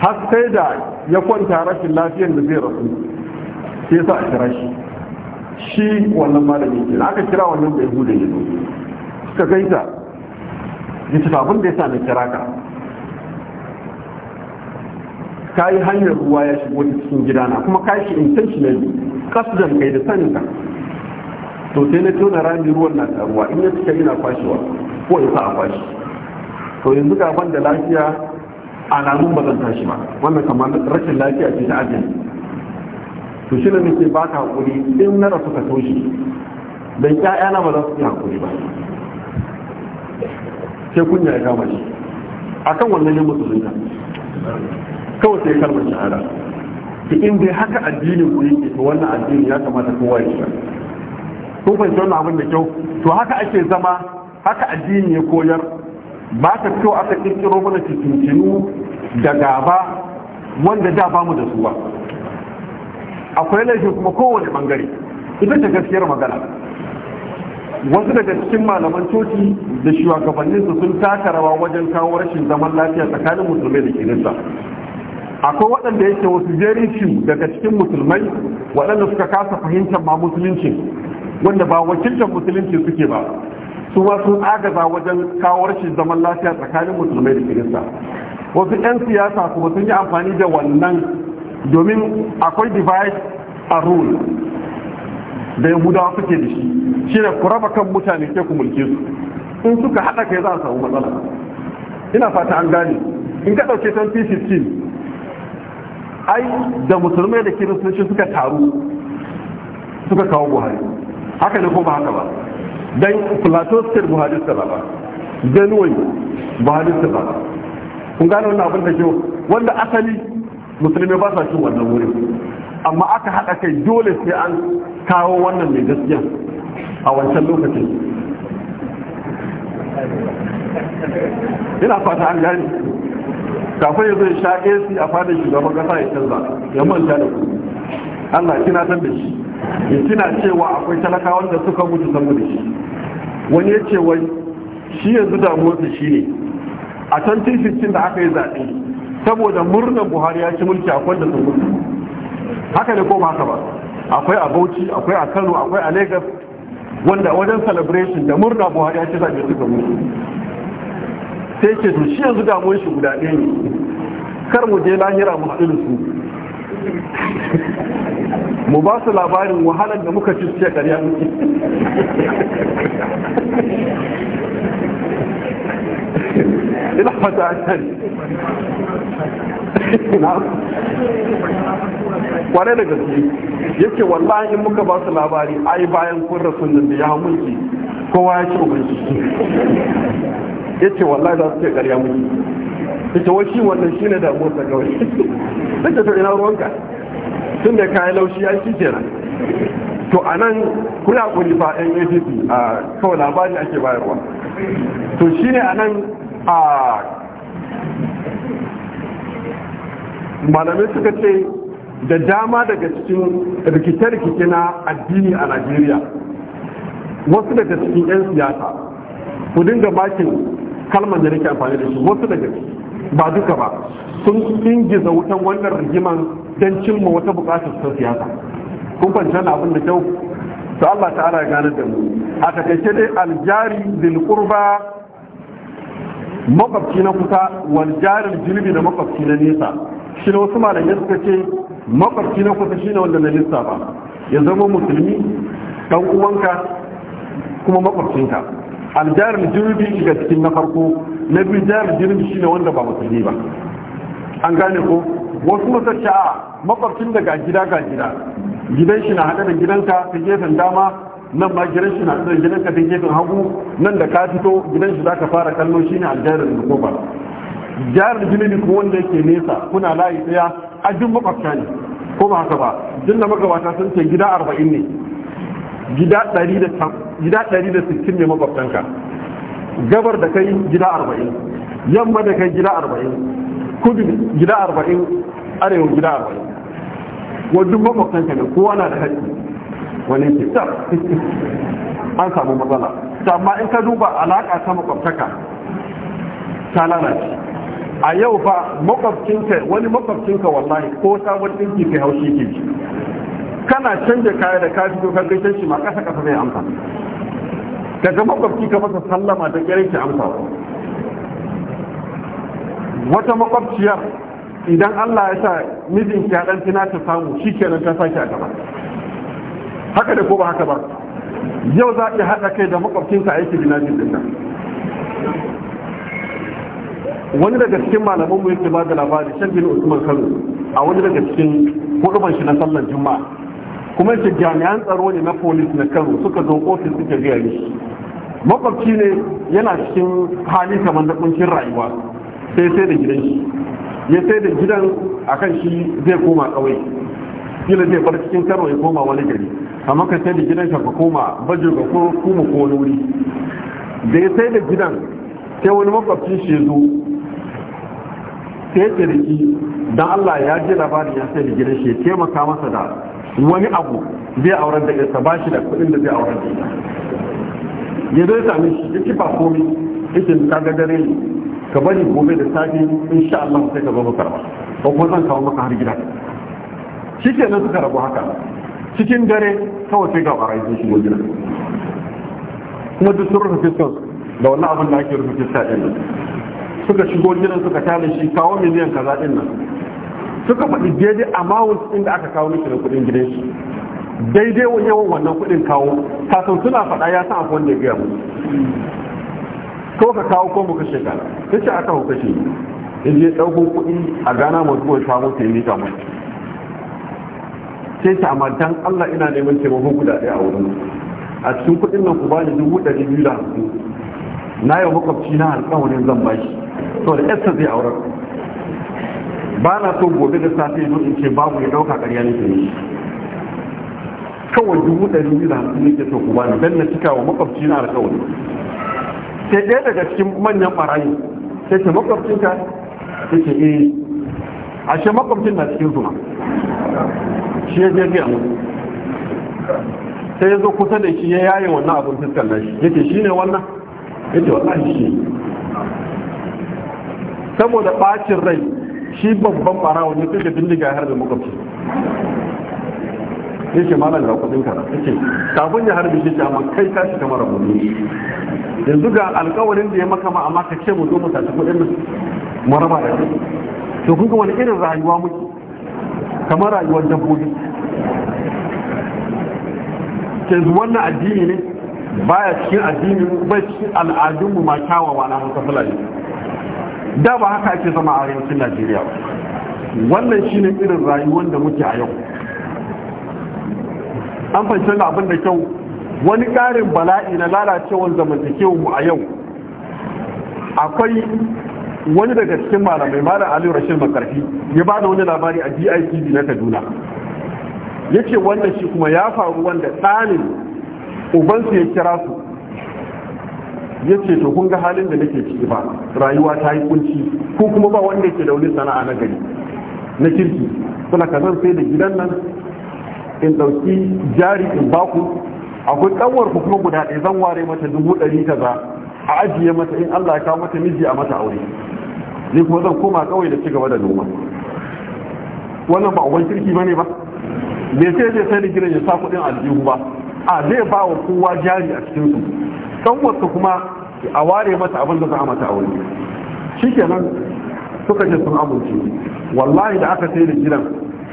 [SPEAKER 1] har sai da ya kwanta rashin lafiyar da zai rasu sai sa a kira shi shi wannan malami ke aka kira wannan bai hude ya zo suka ta ya ci abin da ya sa na kira ka ka yi hanyar ruwa ya shigo cikin gidana kuma ka shi intentionally kasdan kai da sanin ka to sai na tona rami ruwan na taruwa in ya cika ina kwashewa ko ya sa a kwashe? to yanzu ga ban da lafiya alamun ba zan tashi ba wannan kamar rashin lafiya ce ta ajin to shi ne ke ba ka hakuri in na rasu ka toshi dan na ba za su yi hakuri ba sai kunya ya kama shi akan wannan ne musulunta kawai sai kalmar shahada duk in dai haka addinin ku yake to wannan addini ya kamata kowa ya shi ko fahimci wannan abin da kyau to haka ake zama haka addini ya koyar ba ta kyau aka kirkiro mana cikin da gaba wanda da bamu da su ba akwai laifin kuma kowane bangare ita ta gaskiyar magana wasu daga cikin malaman coci da shugabanninsu sun taka rawa wajen kawo rashin zaman lafiya tsakanin musulmai da kirista akwai waɗanda yake wasu jerin daga cikin musulmai waɗanda suka kasa fahimtar ma musulunci wanda ba wakiltar musulunci suke ba su ma sun agaza wajen kawo rashin zaman lafiya tsakanin musulmai da kirista wasu 'yan siyasa kuma sun yi amfani da wannan domin akwai divide a rule da yahudawa suke da shi shi ne ku raba kan mutane ke ku mulke su in suka haɗa kai za a samu matsala ina fata an gane in ka ɗauke 2015 ai da musulmai da kiristoci suka taru suka kawo buhari haka ne ko ba haka ba dan plateau state buhari sala ba benue buhari sala ba kun gane wannan abin da kyau wanda asali musulmi ba sa cin wannan wurin amma aka haɗa kai dole sai an kawo wannan mai gaskiya a wancan lokacin ina fata an gani kafin ya zai sha ac a fadin shugaban kasa ya canza ya manta da ku. allah kina san da shi ya kina cewa akwai talaka da suka mutu da shi wani ya ce wai shi yanzu motsi shi ne a can tifikin da aka yi zaɓe saboda murnar buhari ya ci mulki akwai da sun mutu haka ne ko ba haka ba akwai a bauchi akwai a kano akwai a lagos wanda wajen celebration da murna buhari ya ci zaɓe suka mutu sai ce to shi yanzu damuwar shi guda ɗaya ne kar mu je lahira mu haɗu su mu ba su labarin wahalar da muka ci ce ƙarya muke ina fata a kware da gaske yake wallahi in muka ba su labari ai bayan kun rasu da ya mulki kowa ya ci ubanci ya ce wallahi za su ce ƙarya muke ta ce wasu wannan shi ne damuwar ta kawai ta ce to ina ruwanka tun da kayan laushi ya shi kenan to a nan kuna kuri fa yan apc a kawai labari ake bayarwa to shi ne a nan a malamai suka ce da dama daga cikin rikice-rikice na addini a najeriya wasu daga cikin 'yan siyasa ku dinga bakin kalmar da nake amfani da shi wasu daga ba duka ba sun ingiza wutan wannan rigiman don cimma wata bukatar ta siyasa kun fahimci na abin da kyau su Allah ta'ala ya gane da mu a takaice dai aljari bil qurba makwabci na kusa wal jarin jirbi da makwabci na nesa shi ne wasu malamai suka ce makwabci na kusa shine wanda na nesa ba ya zama musulmi dan uwanka kuma makwabcinka aljar jirbi shiga cikin na farko na biyu jar jirbi shi ne wanda ba musulmi ba an gane ko wasu masu a makwabcin da ga gida ga gida gidan shi na hada da gidanka ta gefen dama nan ma gidan shi na haɗe da gidanka ta gefen hagu nan da ka fito gidan shi za ka fara kallo shi ne aljarin da ba jar jirbi ko wanda yake nesa kuna layi daya a duk ne ko ba haka ba jin da magabata sun ce gida arba'in ne gida 160 ne makwabtanka gabar da kai gida 40 yamma da kai gida 40 kudu gida 40 arewa gida 40 wajen makwabtanka ne kowa na da haƙi wani ke tsar an samu matsala amma in ka duba alaƙa ta makwabtaka ta lalace a yau fa makwabcinka wani makwabcinka wallahi ko sabon ɗinki kai haushi ke kana canja kaya da ka fito ka gaishe shi ma kasa kasa zai amsa ka ga makwabci ka masa sallama da gare shi amsa wata makwabciyar idan Allah ya sa mijin ki dan tina ta samu shikenan ta saki a gaba haka da ko ba haka ba yau za ki haɗa kai da ka aiki binajin din nan wani daga cikin malamin mu yake ba da labari shan bin usman kano a wani daga cikin ban shi na sallar juma'a kuma ce jami'an tsaro ne na polis na kano suka zo ofis suka biya ne makwabci ne yana cikin hali kamar da kuncin rayuwa sai sai da gidan shi ya sai da gidan a kan shi zai koma kawai kila zai bar cikin kano ya koma wani gari amma ka sai da gidan ka koma bajo ga ko kuma ko wuri da ya sai da gidan sai wani makwabci shi ya zo sai ya ce da shi don Allah ya ji labarin ya sai da gidan shi ya taimaka masa da wani abu zai auren da yarsa ba shi da kuɗin da zai auren da ita ya zai sami shi ya kifa komi ita ta ga dare ka bari gobe da safe in sha Allah sai ka zo maka raba ba kuma zan kawo maka har gida shi ke nan suka rabu haka cikin dare kawai sai ga ƙwarai sun shigo gida kuma duk sun rufe fiskon da wannan abin da ake rufe fiska ɗin suka shigo gidan suka tale shi kawo miliyan kaza ɗin nan suka faɗi daidai amount ɗin da aka kawo mishi da kuɗin gidan shi daidai wani yawan wannan kuɗin kawo kasan suna faɗa ya san akwai wanda ya gaya mu ko ka kawo ko muka shekara ta ce aka hauka shi in je ɗaukun kuɗi a gana masu zuwa samun ta yi sai ta amma dan Allah ina neman taimakon guda ɗaya a wurin a cikin kuɗin nan ku bani dubu ɗari biyu da hamsin na yau makwabci na alƙawarin zan bashi saboda yasta zai aurar ba na so gobe da safe zo in ce babu ya ɗauka ƙarya ne ne kawai dubu ɗari biyu da hamsin ne so ku bani don na cika wa makwabci na alƙawari sai ɗaya daga cikin manyan ɓarayi sai ce makwabcinka sai ce eh ashe makwabcin na cikin zuma shi ya je gaya sai ya zo kusa da shi ya yaye wannan abin fiskar nashi ya ce shi ne wannan ya ce wallahi shi saboda ɓacin rai shi babban barawa ne kashe bindiga har da makwabci ya ce malam ga kudin kara ya ce kafin ya harbi shi amma kai kashi kamar rabu yanzu ga alkawarin da ya maka ma amma ka ce mu zo mu kudin mu da shi to kun ga wani irin rayuwa muke kamar rayuwar dabbobi yanzu wannan addini ne baya cikin addini bai cikin al'adunmu ma kyawawa na hankali fulani da ba haka ake zama a arewacin najeriya wannan shi ne irin rayuwar da muke a yau an fahimci da abin da kyau wani ƙarin bala'i na lalacewar zamantakewar mu a yau akwai wani daga cikin malamai malam aliyu rashin makarfi ya ba da wani labari a DITV na kaduna ya ce wannan shi kuma ya faru wanda tsanin ubansu ya kira su ya ce to kun ga halin da nake ciki ba rayuwa ta yi kunci ko kuma ba wanda yake da sana'a na gari na kirki suna kazan sai da gidan nan in ɗauki jari in baku akwai ɗanwar ku kuma guda ɗaya zan ware mata dubu ɗari za a ajiye mata in Allah ya kawo mata miji a mata aure ni kuma zan koma kawai da cigaba da noma wannan ba uban kirki bane ba bai sai zai sai da gidan ya sa kuɗin aljihu ba a zai ba wa kowa jari a cikin su dan kuma a ware mata abin da za a mata aure shikenan suka je sun amince wallahi da aka sai da gidan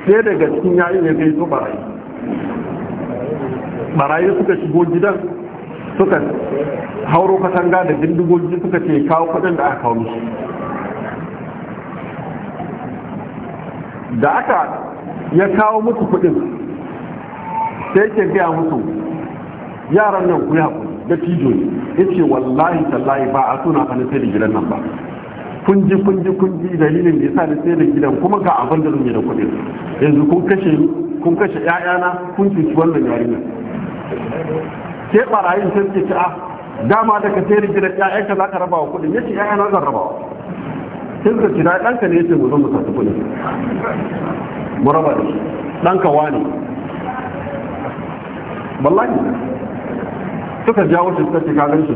[SPEAKER 1] sai daga cikin yayin ya kai so barayi barayi suka shigo gidan suka hauro katanga da dindigogi suka ce kawo kudin da aka kawo shi da aka ya kawo mutu kudin sai ke gaya musu yaran nan ku yi haƙuri da tijo ne ya ce wallahi tallahi ba a suna hannun sai da gidan nan ba kun ji kun ji kun ji dalilin da yasa ni sai da gidan kuma ga abin da zan yi da kuɗin yanzu kun kashe kun kashe ƴaƴana kun cuci wannan yarinya ke barayin sai ke ta ah, dama daga ka sai da gidan ƴaƴanka za ka raba wa kuɗin yace ƴaƴana zan raba wa sai ka kira ɗanka ne yace mu zo mu tafi kuɗin mu raba da shi ɗanka wani wallahi suka jawo shi suka ce kagan shi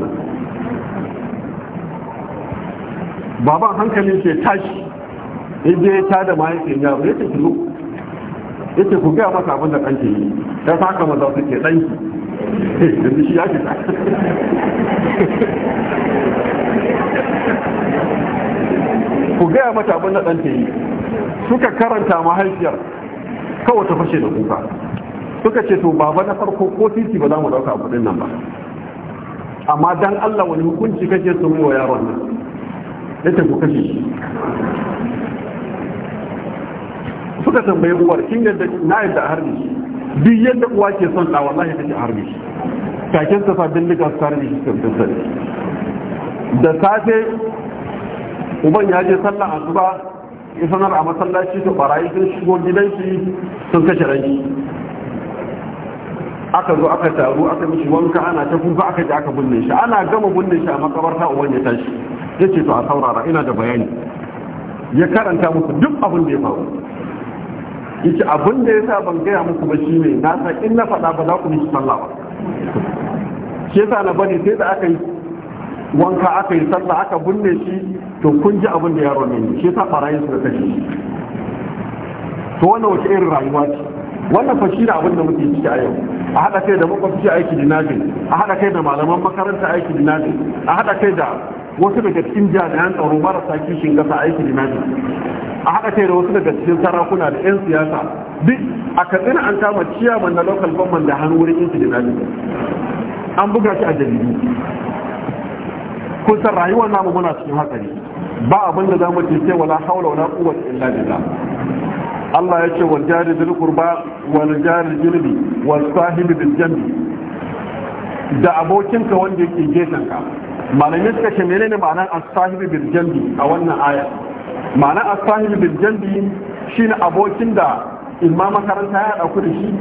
[SPEAKER 1] baban hankalin ce tashi inda ya tada mahaifin yaro ya ce kilo ya ce ku gaya masa abin da ke yi ta saka maza su ke ɗanki yanzu shi ya ke ta ku gaya mata abin da ke yi suka karanta mahaifiyar kawai ta fashe da kuka suka ce to baba na farko ko titi ba za mu dauka kudin nan ba amma dan Allah wani hukunci kake so mu yaron nan yace ku kashe shi suka tambaye uwar kin yadda na yadda harbi bi yadda uwa ke son da wallahi take harbi kakin ta sabbin da su ne shi tabbata da safe uban ya je sallah asuba ya sanar a masallaci to barayi sun shigo gidan shi sun kashe ranki aka zo aka taru aka mishi wanka ana ta kuka aka ji aka binne shi ana gama binne shi a makabarta uban ya tashi ya ce to a saurara ina da bayani ya karanta musu duk abin da ya faru yace abin da yasa ban gaya muku ba ne na san in na faɗa ba za ku mishi sallah ba shi yasa na bari sai da aka yi wanka aka yi sallah aka binne shi to kun ji abin da yaro ne shi yasa barayin su da kashe shi to wannan wace irin rayuwa ce wannan fashira abin da muke ciki a yau a haɗa kai da makwabci aiki dinafin a haɗa kai da malaman makaranta aiki dinafin a haɗa kai da wasu daga cikin jami'an tsaro marasa kishin ƙasa aiki dinafin a haɗa kai da wasu daga cikin sarakuna da 'yan siyasa duk a katsina an kama ciyaman na local government da hannu wurin yanki dinafin an buga shi a jaridu kun san rayuwar namu muna cikin hatsari ba abin da za mu ce sai wala haula wala quwwata illa billah Allah ya ce wal jari bil kurba wal jari junubi wal sahibi bil jambi da abokinka wanda yake gefen ka malamin suka ce menene ma'anar as-sahibi bil jambi a wannan aya ma'anar as-sahibi bil jambi shine abokin da imma makaranta ya dauki da shi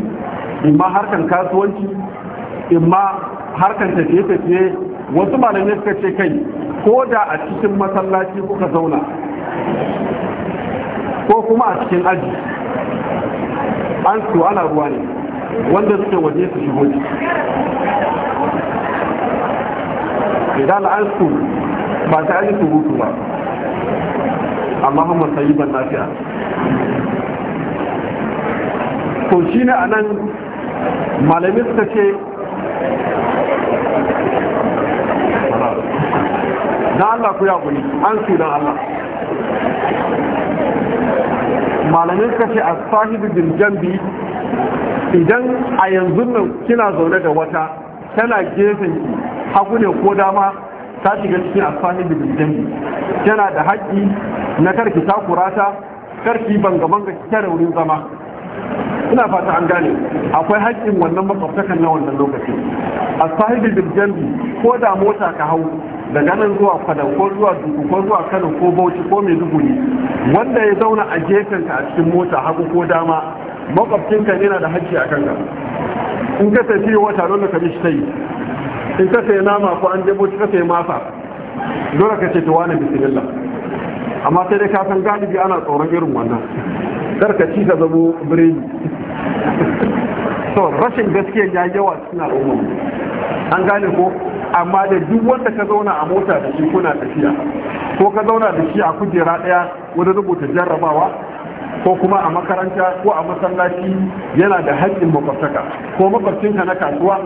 [SPEAKER 1] imma harkan kasuwanci imma harkan tafiye-tafiye wasu malamai suka ce kai ko da a cikin masallaci kuka zauna ko kuma a cikin aji an su ana ruwa ne wanda suke waje su shigo ne idan an su ba ta aji su hutu ba amma hamar sayi ban lafiya to shi ne a nan suka ce na Allah ku ya guni an su don Allah malamin ka ce a sahibu biljambi idan a yanzu nan kina zaune da wata tana gefen hagu ne ko dama ta shiga cikin a sahibu biljambi tana da haƙƙi na karki takura ta karki banga-banga kika da wurin zama ina fata an gane akwai haƙƙin wannan makwabtakan na wannan lokaci a sahibu biljambi ko da mota ka hau daga nan zuwa kwadon ko zuwa duku ko zuwa kano ko bauchi ko maiduguri wanda ya zauna a ka a cikin mota hagu ko dama makwabcinka yana da hajji a kanka in ka tafi wata dole ka ta yi in ka sai nama ko an jebo ka sai masa dole ka ce tuwa na bisimillah amma sai dai kasan galibi ana tsoron irin wannan kar ka ci ka zamo birni so rashin gaskiya ya yawa suna an gane ko amma da duk wanda ka zauna a mota da shi kuna tafiya ko ka zauna da shi a kujera ɗaya wani rubuta jarrabawa ko kuma a makaranta ko a masallaci yana da haƙƙin makwabtaka ko makwabcinka na kasuwa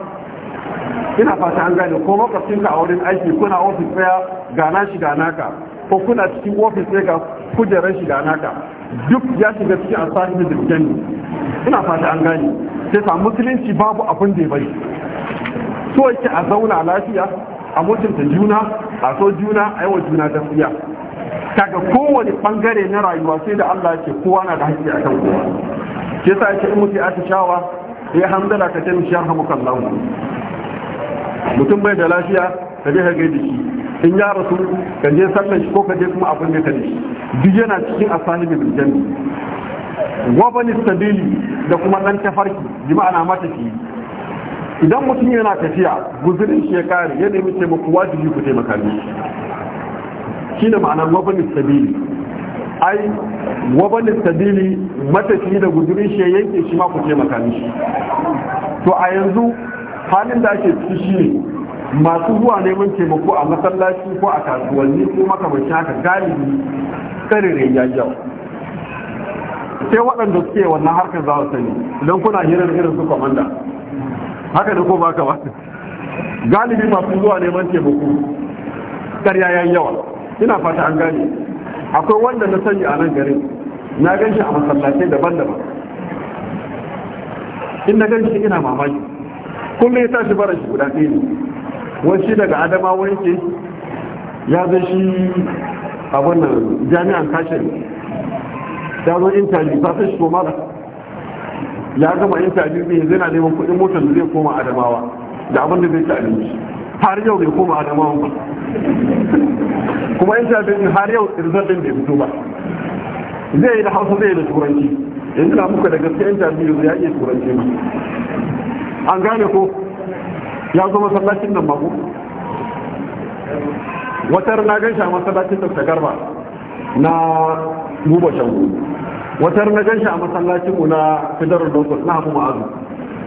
[SPEAKER 1] ina fata an gane ko makwabcinka a wurin aiki kuna ofis ɗaya gana shi gana ka ko kuna cikin ofis ɗaya ga kujerar shi gana ka duk ya shiga cikin asahibin da ina fata an gane sai sa musulunci babu abin da ya bari so yake a zauna lafiya a mutunta juna a so juna a yawan juna gaskiya kaga kowane bangare na rayuwa sai da Allah yake kowa na da haƙƙi kan kowa ke sa yake in mutu ya ta shawa ya hamdala ka ta mishiyar hamukan lamu mutum bai da lafiya ka je ka da shi in ya rasu ka je sallan shi ko ka je kuma abin da ka shi duk yana cikin asalimin biljanni wa bani da kuma dan tafarki mata ke yi. idan mutum yana tafiya guzurin shi ya kare ya nemi taimako wajibi ku taimaka mishi ne ma'anar wabanin sabili ai wabanin sabili matafi da guzurin shi ya yanke shi ma ku taimaka mishi to a yanzu halin da ake ciki ne, masu zuwa neman taimako a masallaci ko a kasuwanni ko makamashi haka galibi tsarirai ya yau. sai waɗanda suke wannan harkar za su sani idan kuna hirar irin su kwamanda haka da ko ba ka ba galibi masu zuwa neman taimako karya yayin yawa ina fata an gane akwai wanda na sani a nan garin na gan shi a masallatai daban-daban in na gan shi ina mamaki kullum ya tashi bara shi guda ɗaya ne wani daga adama wani ke ya zai shi abin nan jami'an kashe ya zo intanet ba sai shi ko mara ya gama yin tabi bai zai na neman kuɗin motar da zai koma adamawa da abin da zai ci abinci har yau bai koma adamawa ba kuma yin tabi har yau irzar ɗin bai fito ba zai yi da hausa zai yi da turanci yanzu na muka da gaske yin tabi yanzu ya iya turanci ba an gane ko ya zo masallacin nan mako wata na gan shi a masallacin da ta garba na shan shangu watar na ganshi a masallacin mu na fidar dokos na hamu ma'azu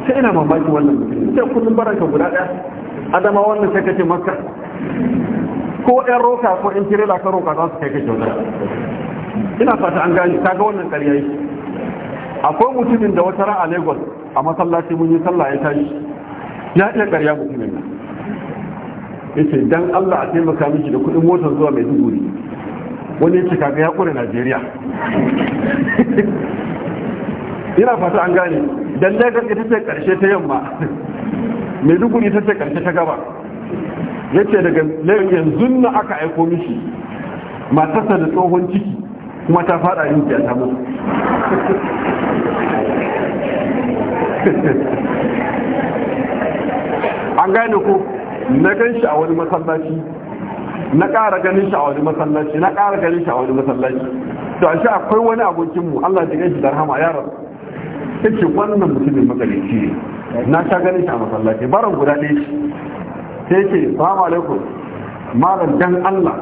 [SPEAKER 1] sai ina mamaki wannan mutum sai kullum baranka guda ɗaya adama wannan sai kace maka ko ɗan roka ko ɗan tirela ka roka za su kai ka kyauta ina fata an gani ta ga wannan ƙarya yi akwai mutumin da wata ra'a lagos a masallaci mun yi sallah ya tashi ya iya ƙarya mutumin nan yace dan Allah a taimaka miki da kuɗin motar zuwa mai duguri wani ya kaga ya kure najeriya ina fata an gane dan daga ta ce karshe ta yamma maiduguri ta ce karshe ta gaba ya ce daga yanzu na aka aiko mishi matarsa da tsohon ciki kuma ta fada yin ta mutu an gane ko na gan a wani masallaci na ƙara ganin shi a wani masallaci na ƙara ganin shi a wani masallaci to a shi akwai wani abokinmu Allah ya gaishe da rahama ya rasu wannan mutumin magalici ne na sha ganin sha a masallaci baran guda ɗaya shi sai yace salamu alaikum malam dan Allah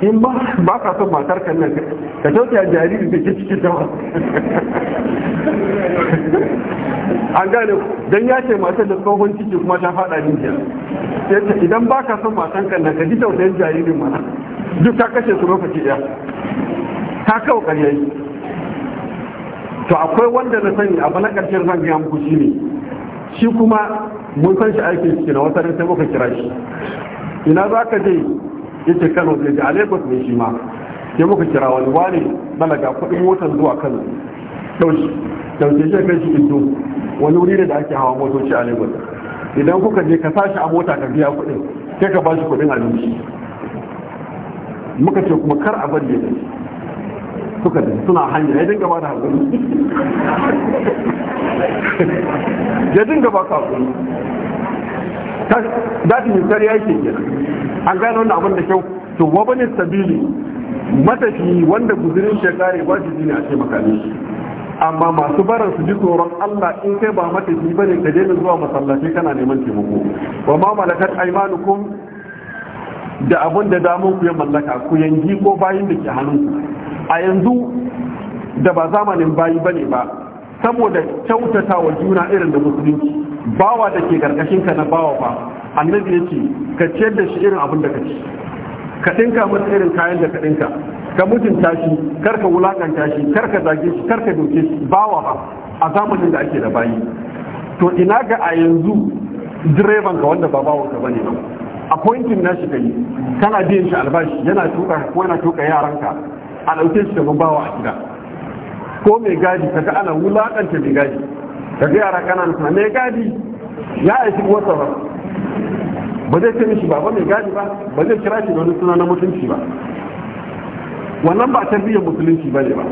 [SPEAKER 1] in ba ba ka son matar kan nan ka tauta jariri da ke cikin dawa an gane don ya ce matar da tsohon ciki kuma ta fada rijiya sai ta idan ba ka son matan kan ka ji tausayin jaririn mana duk ta kashe su lokaci ɗaya ta kawo ƙaryayi to akwai wanda na sani abu na ƙarshen zan gaya muku shi ne shi kuma mun san shi aikin ciki na wata sai muka kira shi ina za ka je yake kano zai ji Lagos ne shi ma sai muka kira wani na malaga kuɗin motar zuwa kano ɗauki dauke shi kai shi ido wani wuri ne da ake hawa motoci a lagos idan kuka je ka sashi a mota ka biya kuɗin sai ka bashi kuɗin abinci muka ce kuma kar a bari ya suka da suna hanya ya dinga ba da hakuri ya dinga ba ka haƙuri dati misar ya ke an gano wannan abin da kyau to wabanin sabili matafi wanda guzirin shekare ba shi ne a ce makamishi amma masu barin su ji tsoron Allah in kai ba ba bane ka daina zuwa masallaci kana neman taimako ba ma malakat aymanukum da abin da damun ku ya mallaka ku yangi ko bayin da ke hannunku a yanzu da ba zamanin bayi bane ba saboda kyautata wa juna irin da musulunci bawa da ke karkashin ka na bawa ba annabi yace ka ciyar da shi irin abin da ka ci ka dinka masa irin kayan da ka dinka ka mutunta shi karka wulakanta shi kar zage shi karka ka doke shi bawa ba a zamanin da ake da bayi to ina ga a yanzu direban ka wanda ba bawon ka bane ba pointin na shi kai kana biyan shi albashi yana tuka ko yana tuka yaranka a dauke shi gaban bawa a gida ko mai gadi kaga ana wulakanta mai gadi kaga yara kana na mai gadi ya aiki wata ba ba zai ce mishi ba ba mai gadi ba ba zai kira shi da wani suna na mutunci ba wannan ba tarbiyyar musulunci ba ne ba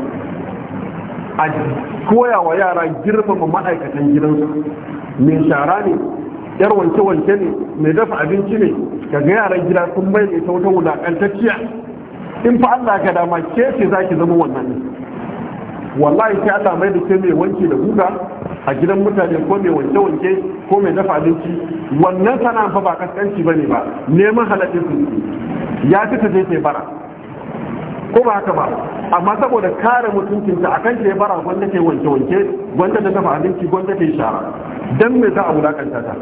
[SPEAKER 1] a koya wa yara girmama ma'aikatan gidansu mai shara ne yar wanke-wanke ne mai dafa abinci ne kaga yaran gida sun bai ta wata wulakantacciya in fa Allah ga dama ke ce za ki zama wannan ne wallahi sai Allah mai da ke mai wanke da guga a gidan mutane ko mai wanke-wanke ko mai dafa abinci wannan sana'a fa ba kaskanci bane ba neman halaccin su ya fita je ke bara ko ba haka ba amma saboda kare mutuncinta a kan ya bara gwanda ta wanke-wanke gwanda ta dafa abinci gwanda ta shara don me za a wulakanta ta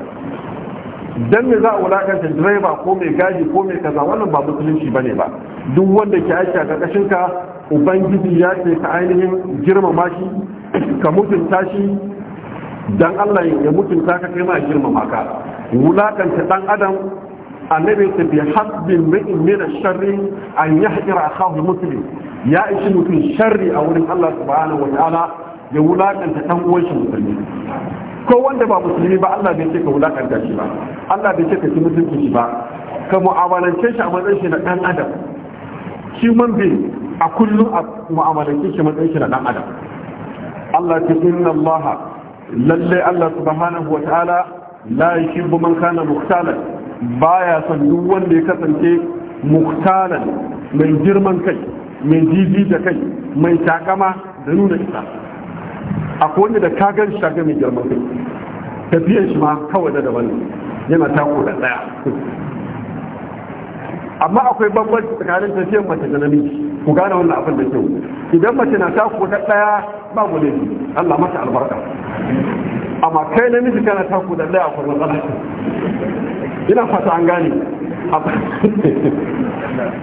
[SPEAKER 1] dan me za a wulakanta direba ko mai gadi ko mai kaza wannan ba musulunci ba ne ba duk wanda ke aiki a ƙarƙashin ka ubangiji ya ce ka ainihin girmama shi ka mutunta shi dan Allah ya mutunta ka kai ma girmama ka wulakanta dan adam annabi ta bi hasbin min min sharri an yahjira akahu muslim ya ishi mutum sharri a wurin Allah subhanahu wa ta'ala ya wulakanta dan uwan shi musulmi ko wanda ba musulmi ba Allah bai ce ka wulakanta shi ba Allah bai ce ka ci mutunci shi ba ka mu'amalance shi a matsayin shi na dan adam human being a kullum a mu'amalance shi matsayin shi na dan adam Allah ta inna Allah lalle Allah subhanahu wa ta'ala la yuhibbu man kana mukhtalan baya son duk wanda ya kasance muktalan mai girman kai mai jiji da kai mai takama da nuna isa a kone da kagar shaga mai girman kai tafiyan shi ma kawai da daban yana tako da daya amma akwai bambanci tsakanin tafiyan mace da namiji ku gane wannan abin da kyau idan mace na tako da daya ba mu laifi Allah masa albarka amma kai namiji kana tako da daya akwai matsala ina fata an gane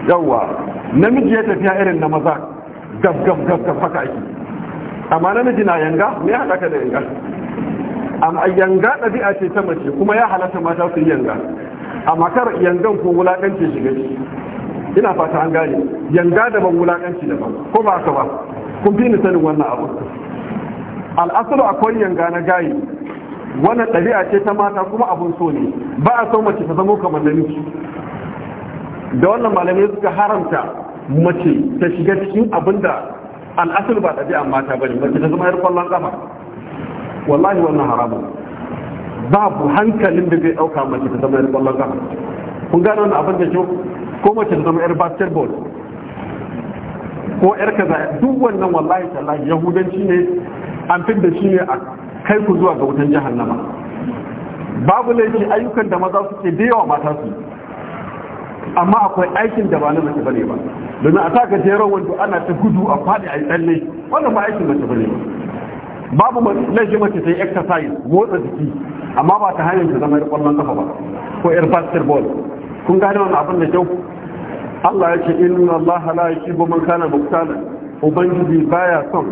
[SPEAKER 1] yawwa namiji ya tafiya irin na maza gab gab gab gab haka ake amma namiji na yanga mai ya da yanga amma yanga ɗabi'a ce ta mace kuma ya halatta mata su yanga amma kar yangan ko wulaƙanci shiga shi ina fata an gane yanga da ban wulaƙanci ban ko ba ka ba kun fi ni sanin wannan abu al'asalu akwai yanga na gayi wannan ɗabi'a ce ta mata kuma abun so ne ba a so mace ta zama kamar namiji da wannan malamai suka haramta mace ta shiga cikin abinda al'asir ba ɗabi'a mata bane mace ta zama yar kwallon kafa wallahi wannan haramun babu hankalin da zai ɗauka mace ta zama yar kwallon kafa kun gano wannan abin da kyau ko mace ta zama yar basketball ko yar kaza duk wannan wallahi tallahi yahudanci ne an fi da shi ne a kai ku zuwa ga wutan jahannama babu laifi ayyukan da maza su ke yawa mata su amma akwai aikin da ba na mace bane ba domin a taka jeron wando ana ta gudu a faɗi a yi tsalle wannan ba aikin mace bane ba babu laifi mace ta yi exercise motsa jiki amma ba ta hanyar ta zama yar kwallon kafa ba ko yar basketball kun gane wani abin da kyau Allah ya ce inna Allah la yashibu man kana muqtala ubangiji baya son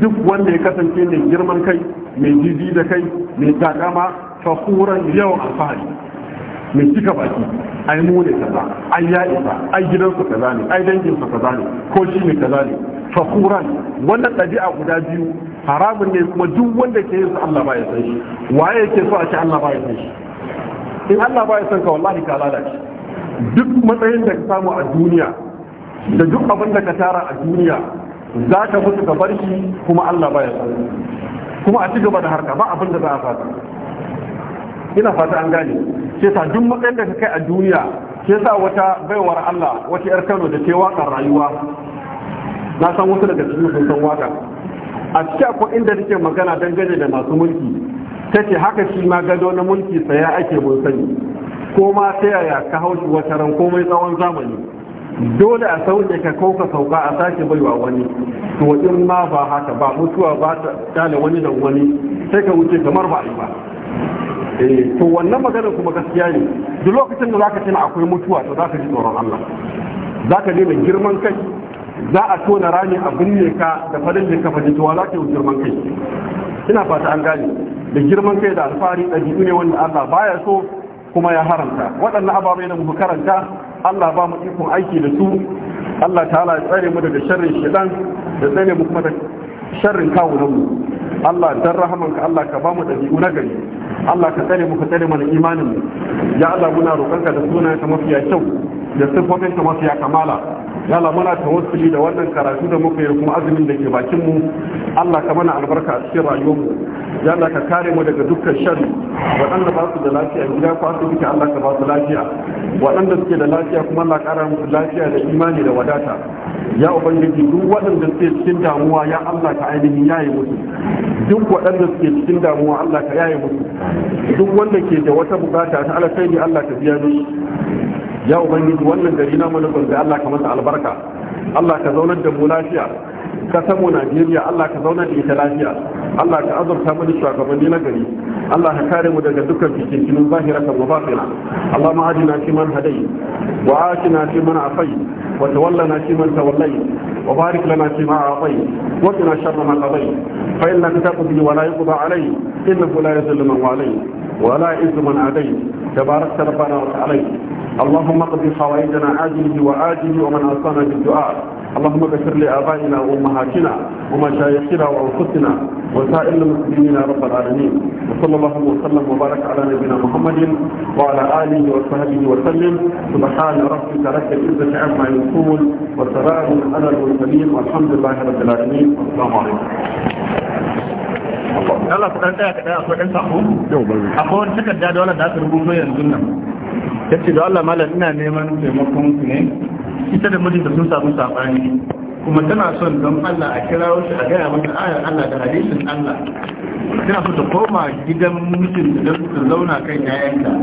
[SPEAKER 1] duk wanda ya kasance mai girman kai mai jiji da kai mai takama fakuran yawan alfahari mai cika baki ai mu ne kaza ai ya isa ai gidansu kaza ne ai danginsu kaza ne ko shi ne kaza ne fahuran wannan ɗabi'a guda biyu haramun ne kuma duk wanda ke yin su Allah ba ya san shi waye yake so a ce Allah ba ya san shi in Allah ba ya san ka wallahi ka lalace duk matsayin da ka samu a duniya da duk abin da ka tara a duniya za ka mutu ka bar shi kuma Allah baya san kuma a ci gaba da harka ba abin za a fata ina fata an gane sai sa duk matsayin da ka kai a duniya sai sa wata baiwar Allah wata yar Kano da ke waƙar rayuwa na san wasu daga cikin sun san waka a cikin akwai inda take magana dangane da masu mulki ta ce haka shi ma gado na mulki saya ake mun sani ko ma ta yaya ka haushi wata ran komai tsawon zamani dole a sauke ka ko ka sauka a sake baiwa wani to in ma ba haka ba mutuwa ba ta kyale wani da wani sai ka wuce kamar ba ba eh to wannan magana kuma gaskiya ne duk lokacin da zaka tana akwai mutuwa to zaka ji tsoron Allah zaka ne mai girman kai za a tona rami a binne ka da farin da ka faɗi to za ka yi girman kai ina fata an gane da girman kai da alfahari ɗabi'u ne wanda Allah baya so kuma ya haramta waɗannan ababai da mu karanta Allah ba mu ikon aiki da su Allah ta'ala ya tsare mu daga sharrin shedan da tsare mu kuma da sharrin kawunan mu Allah dan ka Allah ka ba mu dabi'u na gari Allah ka tsare mu ka tsare mana imanin mu ya Allah muna roƙonka da sunayenka mafiya kyau da sifofinka mafiya kamala yala muna tawassuli da wannan karatu da muka yi kuma azumin da ke bakin mu Allah ka mana albarka a cikin rayuwar mu yala ka kare mu daga dukkan sharri waɗanda ba su da lafiya gida ko asibiti Allah ka ba su lafiya waɗanda suke da lafiya kuma Allah ƙara musu lafiya da imani da wadata ya ubangiji duk waɗanda suke cikin damuwa ya Allah ka ainihin yayi musu duk waɗanda suke cikin damuwa Allah ka yayi musu duk wanda ke da wata bukata ta alkhairi Allah ka biya mishi ya ubangiji wannan gari na mana kwanza Allah ka masa albarka Allah ka zaunar da mu lafiya ka samu Najeriya Allah ka zaunar da ita lafiya Allah ka azurta mu da shugabanni na gari Allah ka kare mu daga dukkan fitintunin zahira kan mubafina Allah ma ajina fi man hadai wa atina fi man afai wa tawallana fi man tawallai wa barik lana fi ma atai wa qina sharra ma qadai fa innaka taqdi wa la yuqda alayhi innahu la yuzillu man walai wa la yuzillu man adai tabarakta rabbana wa ta'ala اللهم اقضي حوائجنا عاجله وعاجله ومن أصانا بالدعاء اللهم اغفر لآبائنا وأمهاتنا ومشايخنا وأنفسنا وسائر المسلمين رب العالمين وصلى الله وسلم وبارك على نبينا محمد وعلى آله وصحبه وسلم سبحان ربك رب العزة عما يصفون وسلام على المرسلين والحمد لله رب العالمين والسلام عليكم Allah ku ɗan tsaya kaɗai akwai ɗan sako? Akwai wani takarda da wani da ya ce da Allah malam ina neman taimakon ku ne ita da mijinta sun samu sabani kuma tana son don Allah a kira wasu a gaya mata ayar Allah da hadisin Allah tana so ta
[SPEAKER 3] koma gidan mijinta don zauna kan yayanta